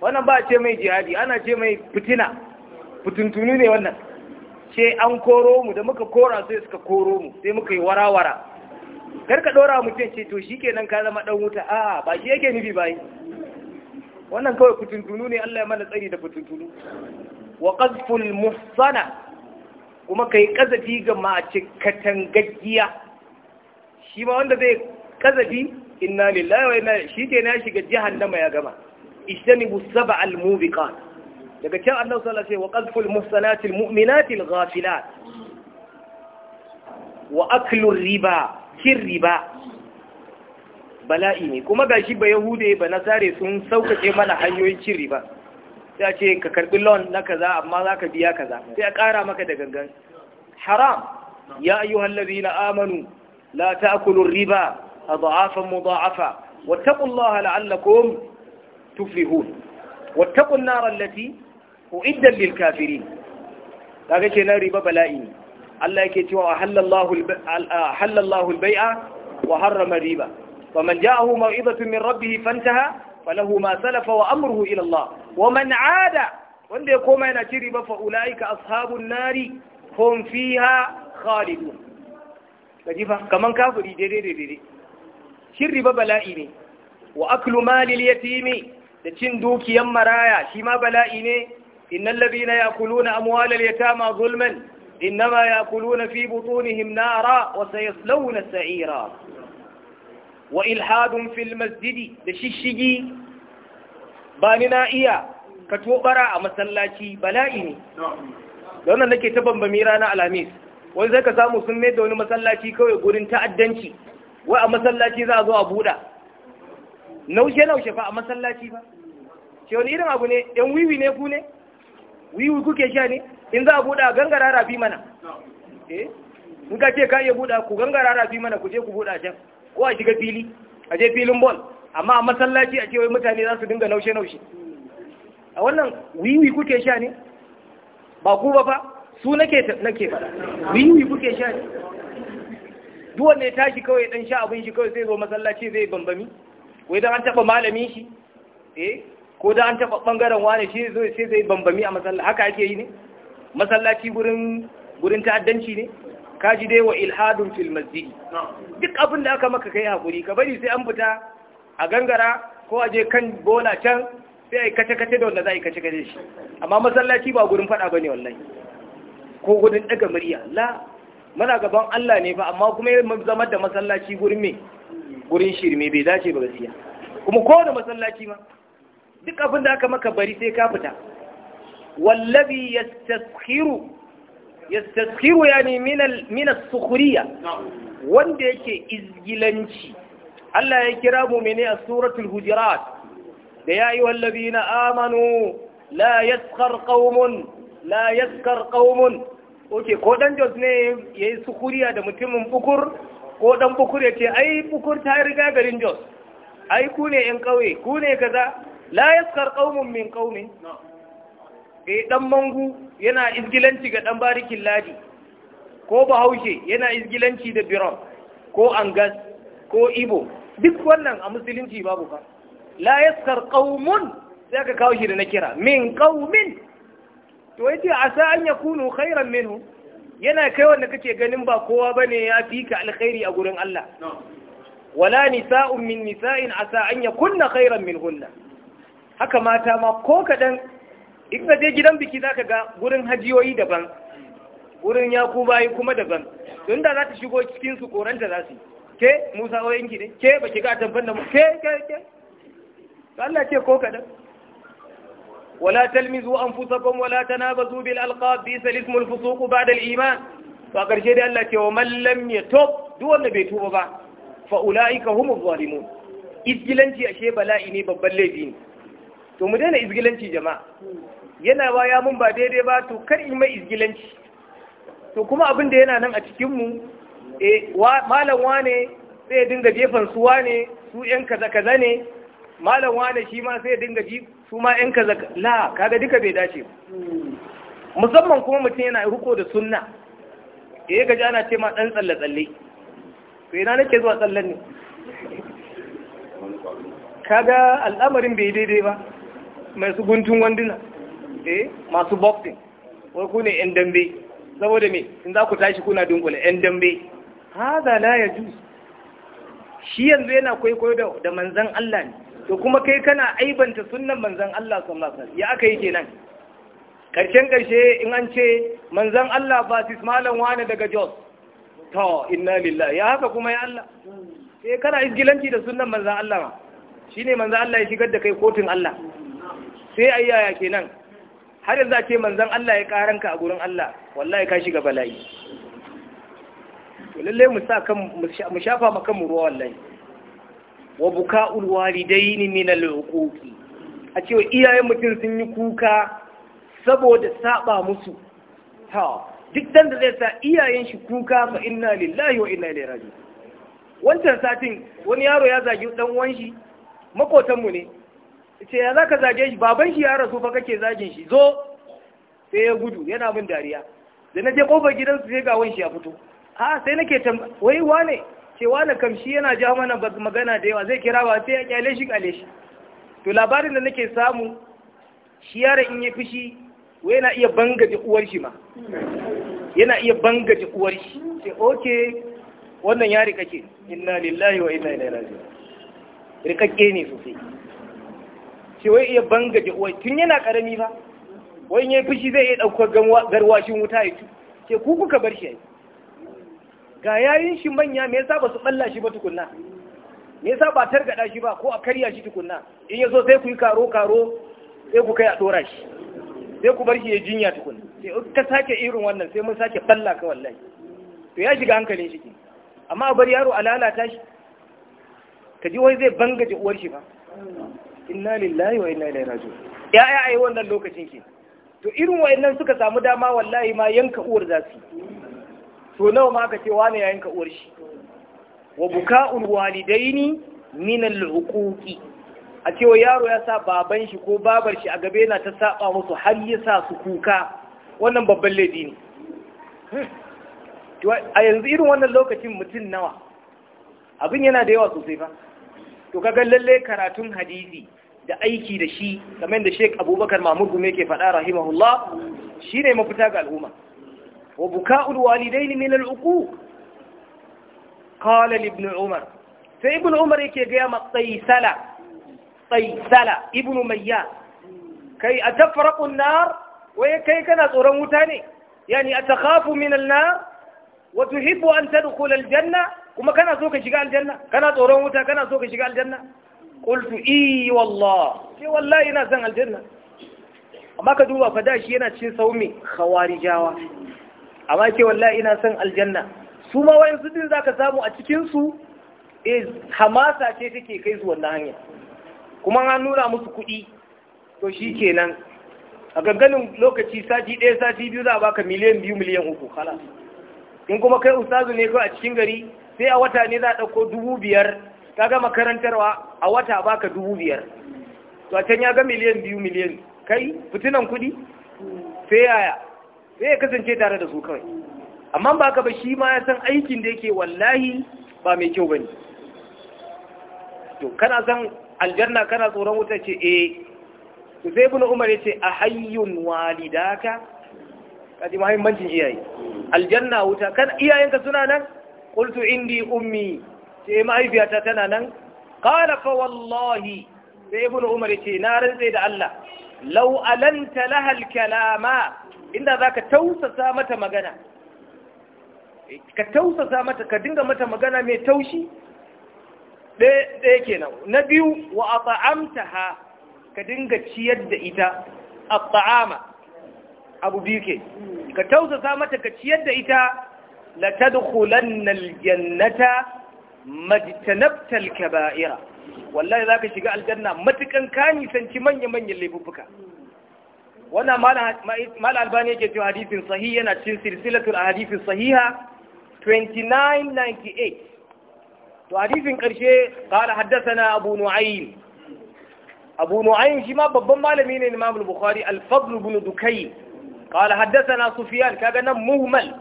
wannan ba ce mai jihadi ana ce mai fitina fituntunu ne wannan ce an koro mu da muka kora sai suka koro mu sai muka yi warawara kar ka dora mutum ce to shi ka zama dan wuta a ba shi yake nufi bayi wannan kawai fitintunu ne Allah ya mana tsari da fitintunu wa qazful muhsana kuma kai kazafi ga mace katangaggiya shi ma wanda zai kazafi inna lillahi wa inna shi ke na shiga jahannama ya gama ijtanibu sab'al mubiqat daga can Allah sallallahu alaihi wa qazful muhsanatil mu'minatil ghafilat wa aklu riba kin riba bala'i ne kuma gashi ba yahude ba nasare sun sauƙaƙe mana hanyoyin cin riba sai a ce ka karɓi loan na kaza amma za ka biya kaza sai a ƙara maka da gangan haram ya ayyuhal ladina amanu la ta'kulu riba adhafan ko wattaqullaha la'allakum tuflihun wattaqun nar allati uiddat lil kafirin kaga kenan riba bala'i ne Allah yake cewa halallahu al-bai'a wa harrama riba ومن جاءه موعظة من ربه فانتهى فله wa سلف وأمره إلى الله ومن عاد wanda ya koma yana ciri ba fa'ula'ika ashabun nari hum fiha khalidun kaji fa kaman kafiri daidai daidai shirri ba bala'i ne wa aklu malil yatimi da cin dukiyan maraya shima bala'i ne ya ladina yakuluna amwalal yatama zulman innama yakuluna fi butunihim nara wa sayaslawna sa'ira wa ilhadun fil masjidi da shishigi ba ni na iya ka tobara a masallaci bala'i ne da wannan nake ta bambami rana alhamis wani zai ka samu sun mai da wani masallaci kawai gurin ta'addanci wai a masallaci za a zo a buɗa naushe naushe fa a masallaci ba ce wani irin abu ne yan wiwi ne ku ne wiwi kuke sha ne in za a buɗa gangara rafi mana eh? in ka ce ka iya buɗa ku gangara rafi mana ku je ku buɗa can ko a shiga fili a je filin bol amma a masallaci a cewa mutane za su dinga naushe-naushe a wannan wiwi kuke sha ne ba ku ba fa su nake nake fada wiwi kuke sha ne duk ne tashi kawai dan sha abin shi kawai sai zo masallaci zai bambami wai dan an taba malamin shi eh ko dan an taba bangaren wani shi zai sai zai bambami a masallaci haka ake yi ne masallaci gurin gurin ta'addanci ne kaji dai wa ilhadun fil masjidi duk abin da aka maka kai hakuri ka bari sai an fita a gangara ko a je kan bola can sai ai kace kace da wanda za a yi kace kace shi amma masallaci ba gurin fada bane wallahi ko gurin daga murya la muna gaban Allah ne fa amma kuma mun zama da masallaci gurin me gurin shirme bai dace ba gaskiya kuma ko da masallaci ma duk abin da aka maka bari sai ka fita wallabi yastakhiru yastaskhiru ya min minas as-sukhriya wanda yake izgilanci Allah ya kira mu'mini a suratul hujurat da ya yi na amanu la yaskhar qaumun la yaskhar qaumun oke ko dan jos ne ya yi sukhriya da mutumin bukur ko dan bukur ya ce ai bukur ta riga garin jos ai ku ne yan ƙauye, ku ne kaza la yaskar qaumun min qaumin eh ɗan mangu yana izgilanci ga ɗan barikin ladi ko bahaushe yana izgilanci da biron ko angas ko ibo duk wannan a musulunci babu fa la yaskar qaumun sai ka kawo shi da na kira min qaumin to yace asa an yakunu khairan minhu yana kai wanda kake ganin ba kowa ne ya fika alkhairi a gurin Allah wala nisa'un min nisa'in asa an yakunna khairan minhunna haka mata ma ko kadan ina je gidan biki za ka ga gurin hajiyoyi daban wurin ku bayi kuma daban don da za ta shigo cikin su koranta za su ke musa wayan ki ne ke ba ki ga tamban da ke ke ke Allah ce ko kadan wala talmizu anfusakum wala tanabazu bil alqab bi salismul fusuq ba'da al iman to a karshe dai Allah ce wa man lam yatub duk wanda bai tuba ba fa ulaika humuz zalimun izgilanci ashe bala'i ne babban laifi ne to mu daina izgilanci jama'a yana ba ya mun ba daidai ba to kar in mai izgilanci to kuma abin da yana nan a cikin mu eh malam wane sai ya dinga jefan su wane su yan kaza kaza ne malam wane shi ma sai ya dinga ji su ma yan kaza la kaga duka bai dace musamman kuma mutum yana riko da sunna eh gaji ana ce ma dan tsalle tsalle to ina nake zuwa tsallen ne kaga al'amarin bai daidai ba mai su guntun wanduna eh masu boxing wai ku ne yan dambe saboda me in za ku tashi kuna dunkule yan dambe haza la ju. shi yanzu yana kwaikwayo da manzan Allah ne to kuma kai kana aibanta sunnan manzan Allah sallallahu alaihi wasallam ya aka yi kenan karshen karshe in an ce manzan Allah ba sis malam wani daga Jos to inna lillahi ya haka kuma ya Allah sai eh, kana isgilanci da sunnan manzan Allah ma shine manzan Allah ya shigar da kai kotun Allah sai ayyaya kenan har yanzu ake manzan Allah ya karanka a gurin Allah wallahi ka shiga bala'i to lalle mu sa kan mu shafa maka mu ruwa wallahi wa buka'ul walidaini min al-uquqi a cewa iyayen mutum sun yi kuka saboda saba musu ha duk dan da zai sa iyayen shi kuka fa inna lillahi wa inna ilaihi raji'un wancan satin wani yaro ya zagi dan uwan shi makotan ne ce ya za ka zage shi baban shi ya rasu fa kake zagin shi zo sai ya gudu yana bin dariya da na je kofar gidansu sai ga shi ya fito Ha sai nake tambaya wai wane ce wane kamshi yana ja mana magana da yawa zai kira ba sai ya kyale shi kale shi to labarin da nake samu shi yaron in ya fishi wai yana iya bangaje uwar shi ma yana iya bangaje uwar shi ce oke wannan yari kake inna lillahi wa inna ilaihi raji'un rikakke ne sosai shi wai iya bangaje uwa tun yana karami ba wai ya yayi fushi zai iya daukar garwashin wuta ya ce ku kuka bar shi ai ga yayin shi manya me yasa ba su balla shi ba tukunna me yasa ba targada shi ba ko a karya shi tukunna in yazo sai ku yi karo karo sai ku kai a dora shi sai ku bar shi ya jinya tukunna sai ka sake irin wannan sai mun sake balla ka wallahi to ya shiga hankalin shi amma a bar yaro a lalata shi ka ji wai zai bangaje uwar shi ba inna lillahi wa inna ilaihi raji'un ya ya ai wannan lokacin ke to irin wayannan suka samu dama wallahi ma yanka uwar zasu to nawa ma aka ce wani ya yanka uwar shi wa buka'ul walidaini min al-huquqi a cewa yaro ya sa baban shi ko babar shi a gabe yana ta saba musu har ya sa su kuka wannan babban laifi ne a yanzu irin wannan lokacin mutum nawa abin yana da yawa sosai fa to kaga lalle karatun hadisi da aiki da shi kamar da shek Abubakar Mahmud Gume ke faɗa rahimahullah shine mafita ga al'umma wa buka'ul walidaini min al'uquq qala ibn Umar sai ibn Umar yake gaya ma Qaisala Qaisala ibn Mayya kai a an-nar wai kai kana tsoron wuta ne yani atakhafu min an na wa tuhibbu an tadkhula al-janna kuma kana so ka shiga aljanna kana tsoron wuta kana so ka shiga aljanna qultu i wallah ce wallahi ina son aljanna amma ka duba fa da shi yana cin saumi khawarijawa amma ce wallahi ina son aljanna su ma wayan su din zaka samu a cikin su eh, hamasa ce take kai su wannan hanya kuma an nuna musu kuɗi to shikenan a gaggalin lokaci sati ɗaya sati biyu za a baka miliyan biyu miliyan uku kala. in kuma kai ustazu ne kawai a cikin gari sai a wata ne za a ɗauko dubu biyar ka ga makarantarwa a wata baka dubu biyar to a can ya ga miliyan biyu miliyan kai fitinan kudi sai yaya sai ya kasance tare da su kawai amma ba ka ba shi ma ya san aikin da yake wallahi ba mai kyau ba to kana san aljanna kana tsoron wuta ce eh to sai ibnu umar yace a hayyun walidaka kaji mahimmancin iyaye aljanna wuta kan iyayenka suna nan qultu indi ummi sai mahaifiyata tana nan qala wallahi sai ibn umar ce na rantse da Allah law alanta lahal al kalama inda zaka tausasa mata magana ka tausasa mata ka dinga mata magana mai taushi ɗaya kenan na biyu wa a ha ka dinga ciyar da ita a ta'ama abu biyu ke ka tausasa mata ka ciyar da ita la tadkhulanna aljannata majtanabtal kaba'ira wallahi zaka shiga aljanna matukan kani sanci manya-manyan laifuffuka wannan mal albani yake cewa hadisin sahihi yana cikin silsilatul ahadithis sahiha 2998 to hadisin karshe qala haddathana abu nu'aym abu nu'aym shi ma babban malami ne imam al-bukhari al-fadl ibn dukay qala haddathana sufyan kaga nan muhmal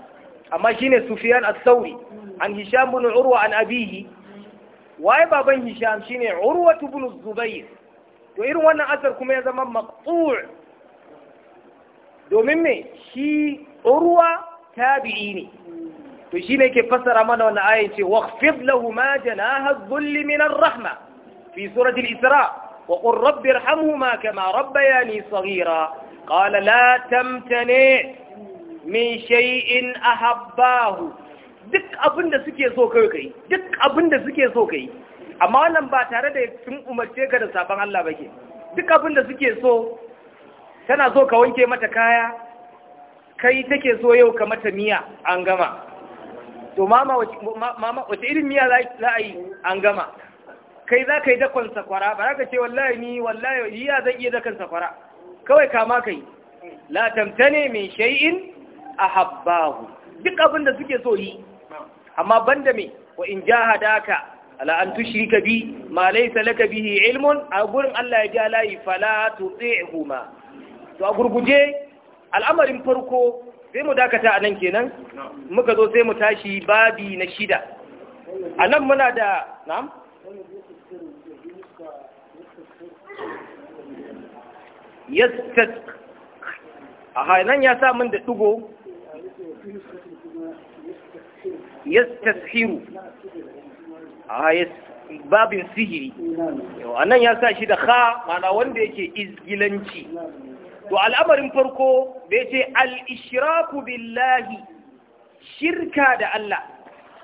amma shine sufyan as-sauri عن هشام بن عروة عن أبيه واي بابا هشام شيني عروة بن الزبير وإن وانا أثر كما زمان مقطوع دو ممي شي عروة تابعيني وشيني كيف فسر أمانا وانا آية شي واخفض له ما جناه الظل من الرحمة في سورة الإسراء وقل رب ارحمهما كما ربياني صغيرا قال لا تمتنع من شيء أحباه duk abin da suke so kai kai duk abin da suke so kai amma wannan ba tare da sun umarce ka da sabon Allah ba ke duk abin da suke so tana so ka wanke mata kaya kai take so yau ka mata miya an gama to mama wace irin miya za a yi an gama kai za ka yi dakon sakwara ba za ka ce wallahi ni wallahi iya zan iya dakon sakwara kawai kama ka yi la tamtane min shay'in ahabbahu duk abin da suke so yi amma ban da me wa in jahadaka ala an tushrika bi ma laysa laka bihi ilmun a gurin Allah ya ja layi fala tuti'huma to a gurguje al'amarin farko sai mu dakata anan kenan muka zo sai mu tashi babi na shida anan muna da na'am yastat a nan ya sa min da dugo yastashiru a ah, babin sihiri anan ya sa shi da kha mana wanda yake izgilanci to al'amarin farko da yace al-ishraku billahi shirka da Allah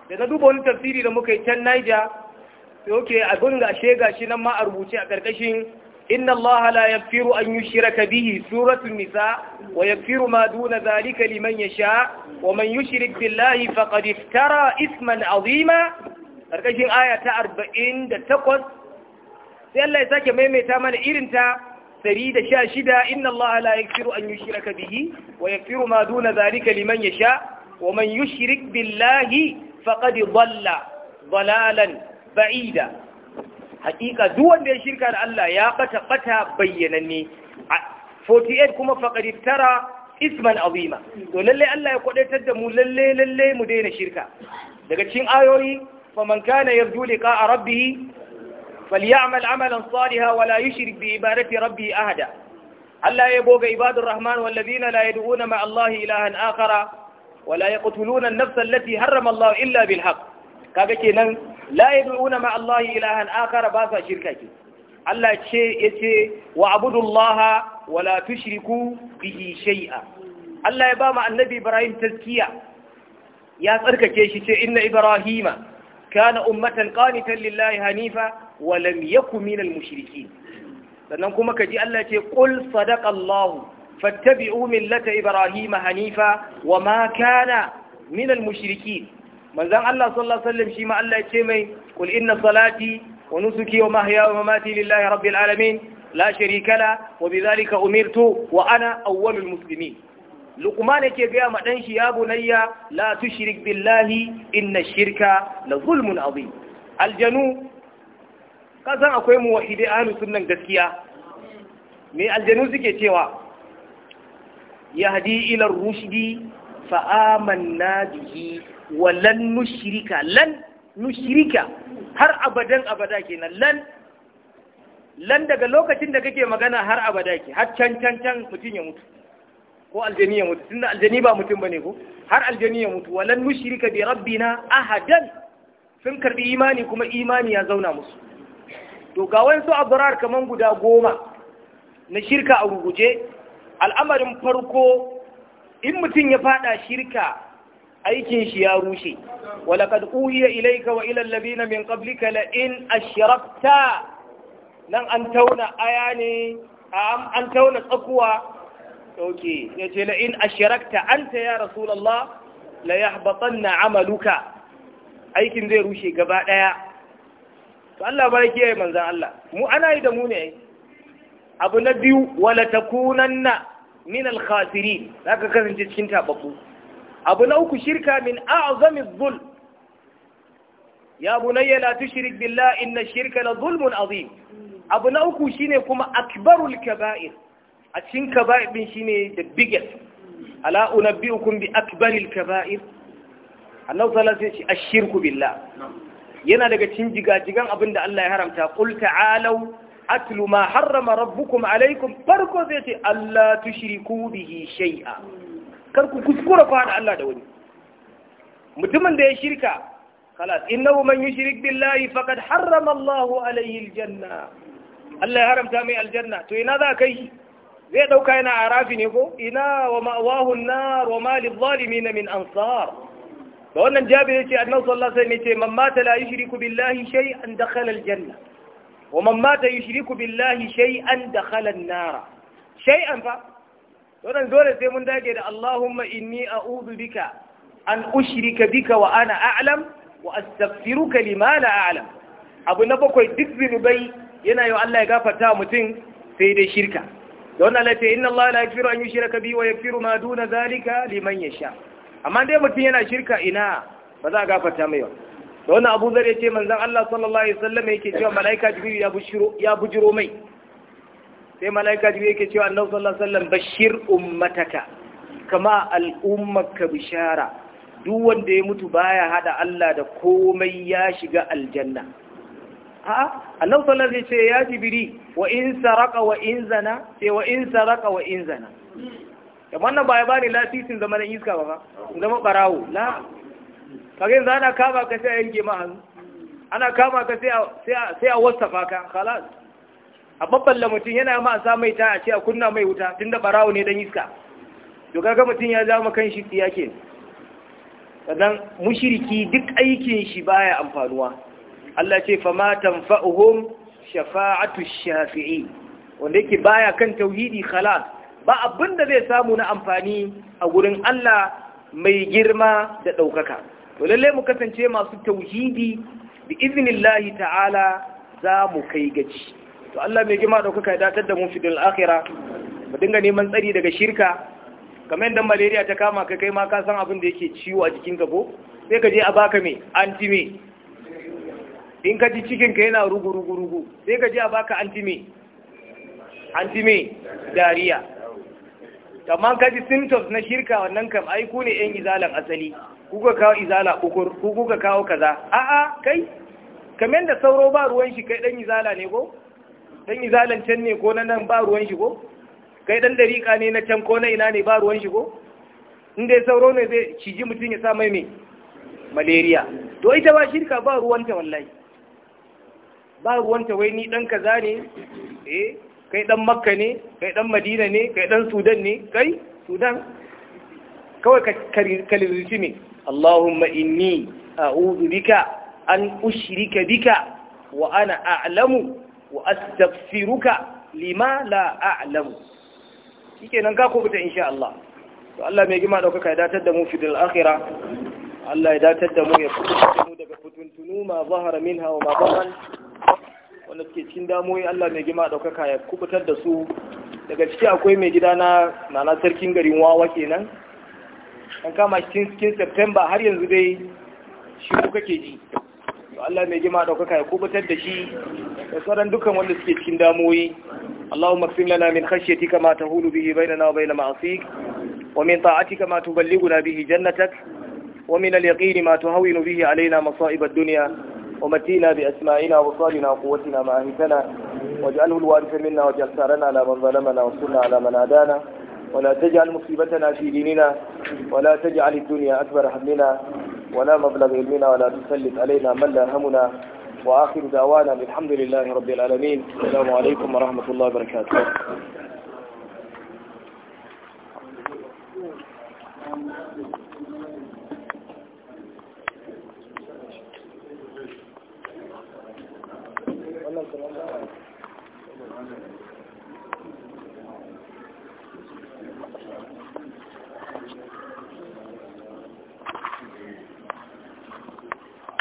da na duba wani tafsiri da muka yi can Niger sai oke abin gashe gashi nan ma a rubuce a ƙarƙashin إن الله لا يغفر أن يشرك به سورة النساء ويغفر ما دون ذلك لمن يشاء ومن يشرك بالله فقد افترى إثما عظيما ƙarƙashin aya ta arba'in da takwas sai Allah ya sake maimaita mana irinta dari da sha shida inna Allah la yaghfiru an yushraka bihi wa yaghfiru duna zalika liman yasha wa yushrik billahi faqad dhalla dhalalan ba'ida hakika duk wanda ya shirka da Allah ya bata bata bayyananne 48 kuma faqad iftara isman azima to lalle Allah ya kwadaitar da mu lalle lalle mu daina shirka daga cikin ayoyi faman kana yarju liqa'a rabbihi falyamal amalan salihan wala yushrik bi ibadati rabbih ahada Allah ya boga ibadur rahman wallazina la yad'una ma Allah ilahan akhara wala yaqtuluna an-nafsa allati harrama Allah illa bil haqq kaga kenan la yad'una ma Allah ilahan akhar ba sa shirka ke Allah ce yace wa abudullaha wa la tushriku bihi shay'a Allah ya ba mu annabi Ibrahim tazkiya ya tsarkake shi ce inna ibrahima kana ummatan qanitan lillahi hanifa wa lam yakun minal mushrikin sannan kuma kaji Allah ce qul sadaqa Allah fattabi'u millata ibrahima hanifa wa ma kana minal mushrikin manzon Allah sallallahu alaihi wasallam shi ma Allah ya ce mai qul inna salati wa nusuki wa mahyaya wa mamati lillahi rabbil alamin la sharika la wa bidhalika umirtu wa ana awwalul muslimin luqman yake ga ma dan shi ya bunayya la tushrik billahi inna shirka la zulmun azim aljanu kasan akwai muwahhidi ahlus sunnan gaskiya me aljanu suke cewa yahdi ila rushdi fa amanna bihi walan nushirika lan nushirika har abadan abada kenan lan lan daga lokacin da kake magana har abada ke har can can can mutum ya mutu ko aljani ya mutu tunda aljani ba mutum bane ko har aljani ya mutu walan nushrika bi rabbina ahadan sun karbi imani kuma imani ya zauna musu to ga wani su abrar kaman guda goma na shirka a ruguje al'amarin farko in mutum ya fada shirka aikin shi ya rushe Wala walaqad uhiya ilayka wa ila alladhina min qablika la in ashrakta nan an tauna aya ne an tauna tsakuwa oke ya ce la in ashrakta anta ya rasulullah la yahbatanna amaluka aikin zai rushe gaba daya to Allah barake yayi manzan Allah mu ana yi da mu ne abu na biyu wala takunanna min al-khasirin zaka kasance cikin tababbu abu na uku shirka min a'zami zul ya bunayya la tushrik billahi inna shirka la zulmun azim abu na uku shine kuma akbarul kaba'ir a cikin kaba'ir din shine the biggest ala unabbiukum bi akbaril kaba'ir annabi sallallahu alaihi wasallam ashirku billah yana daga cikin jigajigan abinda Allah ya haramta qul ta'alu atlu ma harrama rabbukum alaikum farko zai ce Allah tushriku bihi shay'a kar ku kuskura ku haɗa Allah da wani mutumin da ya shirka khalas innahu man yushrik billahi faqad harrama Allah alayhi aljanna Allah ya haramta mai aljanna to ina za kai zai dauka yana arafi ne ko ina wa ma'wahu an-nar wa mali lidh-dhalimin min ansar da wannan jabir yace annabi sallallahu alaihi wasallam yace man mata la yushriku billahi shay'an dakhala aljanna wa man mata yushriku billahi shay'an dakhala an-nar shay'an fa wannan dole sai mun dage da Allahumma inni a'udhu bika an ushrika bika wa ana a'lam wa astaghfiruka lima la a'lam abu na bakwai duk zinubai yana yau Allah ya gafarta mutum sai dai shirka da wannan Allah inna Allah la yaghfiru an yushraka bihi wa yaghfiru ma duna zalika liman yasha amma dai mutum yana shirka ina ba za a gafarta mai ba da wannan Abu Zar ya ce manzon Allah sallallahu alaihi wasallam yake cewa malaika Jibril ya bujiro ya bujiro mai sai mala'ika jiri yake cewa annabu sallallahu alaihi wasallam bashir ummataka kama al'ummaka bishara duk wanda ya mutu baya hada Allah da komai ya shiga aljanna a annabu sallallahu alaihi ce ya jibiri wa in saraka wa in zana sai wa in saraka wa in zana wannan ba ya bani lasisin zama na iska ba ba zama barawo la kage yanzu ana kama ka sai a yanke ma hannu ana kama ka sai a wasafa faka khalas a babballa mutum yana ma a sa mai ta a ce a kunna mai wuta tun da barawo ne dan iska to kaga mutum ya zama kan shi tsiya sannan mushiriki duk aikin shi baya amfanuwa Allah ce fa ma shafa'atu shafi'i wanda yake baya kan tauhidi khalas ba abinda zai samu na amfani a gurin Allah mai girma da ɗaukaka to lalle mu kasance masu tauhidi bi iznillahi ta'ala za mu kai gaci to Allah mai gima ɗaukaka ya datar da mu fi dal akhira mu dinga neman tsari daga shirka kamar yadda malaria ta kama ka kai ma ka san abin da yake ciwo a jikin ka ko sai ka je a baka mai, anti me in ka ji cikin ka yana rugu rugu rugu sai ka je a baka anti me anti me dariya amma ka ji symptoms na shirka wannan kam ai ku ne yan izalan asali kuka kawo izala ukur ku kuka kawo kaza a'a kai kamar da sauro ba ruwan shi kai dan izala ne ko dan yi zalancen ne ko na nan ba ruwan shigo kai dan dariƙa ne na can ko na ina ne ba ruwan shigo in sauro ne zai ciji mutum ya sa mai mai malaria to ita ba shirka ba ruwanta wallahi ba ruwanta wai ni dan kaza ne eh kai dan makka ne kai dan madina ne kai dan sudan ne kai sudan kawai ka lirci ne Allahumma inni a'udhu bika an ushrika bika wa ana a'lamu wa astaghfiruka lima la a'lamu shikenan ka kubuta insha Allah to Allah mai gima daukaka ya datar da mu fi dal akhira Allah ya datar da mu ya kubuta mu daga fituntunu ma zahara minha wa ma bahan wanda suke cikin damuwoyi Allah mai gima daukaka ya kubutar da su daga ciki akwai mai gida na nana sarkin garin wawa kenan an kama cikin September har yanzu dai shi kuka ke ji Allah mai gima daukaka ya kubutar da shi da sauran dukkan wanda suke cikin damoyi Allahumma qsim lana min khashyatika ma tahulu bihi bainana wa bain ma'asik wa min ta'atika ma tuballighuna bihi jannatak wa min al-yaqini ma tuhawwinu bihi alaina masa'ib ad-dunya wa matina bi asma'ina wa salina wa quwwatina ma ahitana waj'alhu al-waritha minna waj'al sarana ala man zalamana wa sunna ala man adana ولا تجعل مصيبتنا في ديننا ولا تجعل الدنيا أكبر همنا ولا مبلغ علمنا ولا تسلط علينا من لا همنا وآخر دعوانا الحمد لله رب العالمين السلام عليكم ورحمة الله وبركاته Thank you.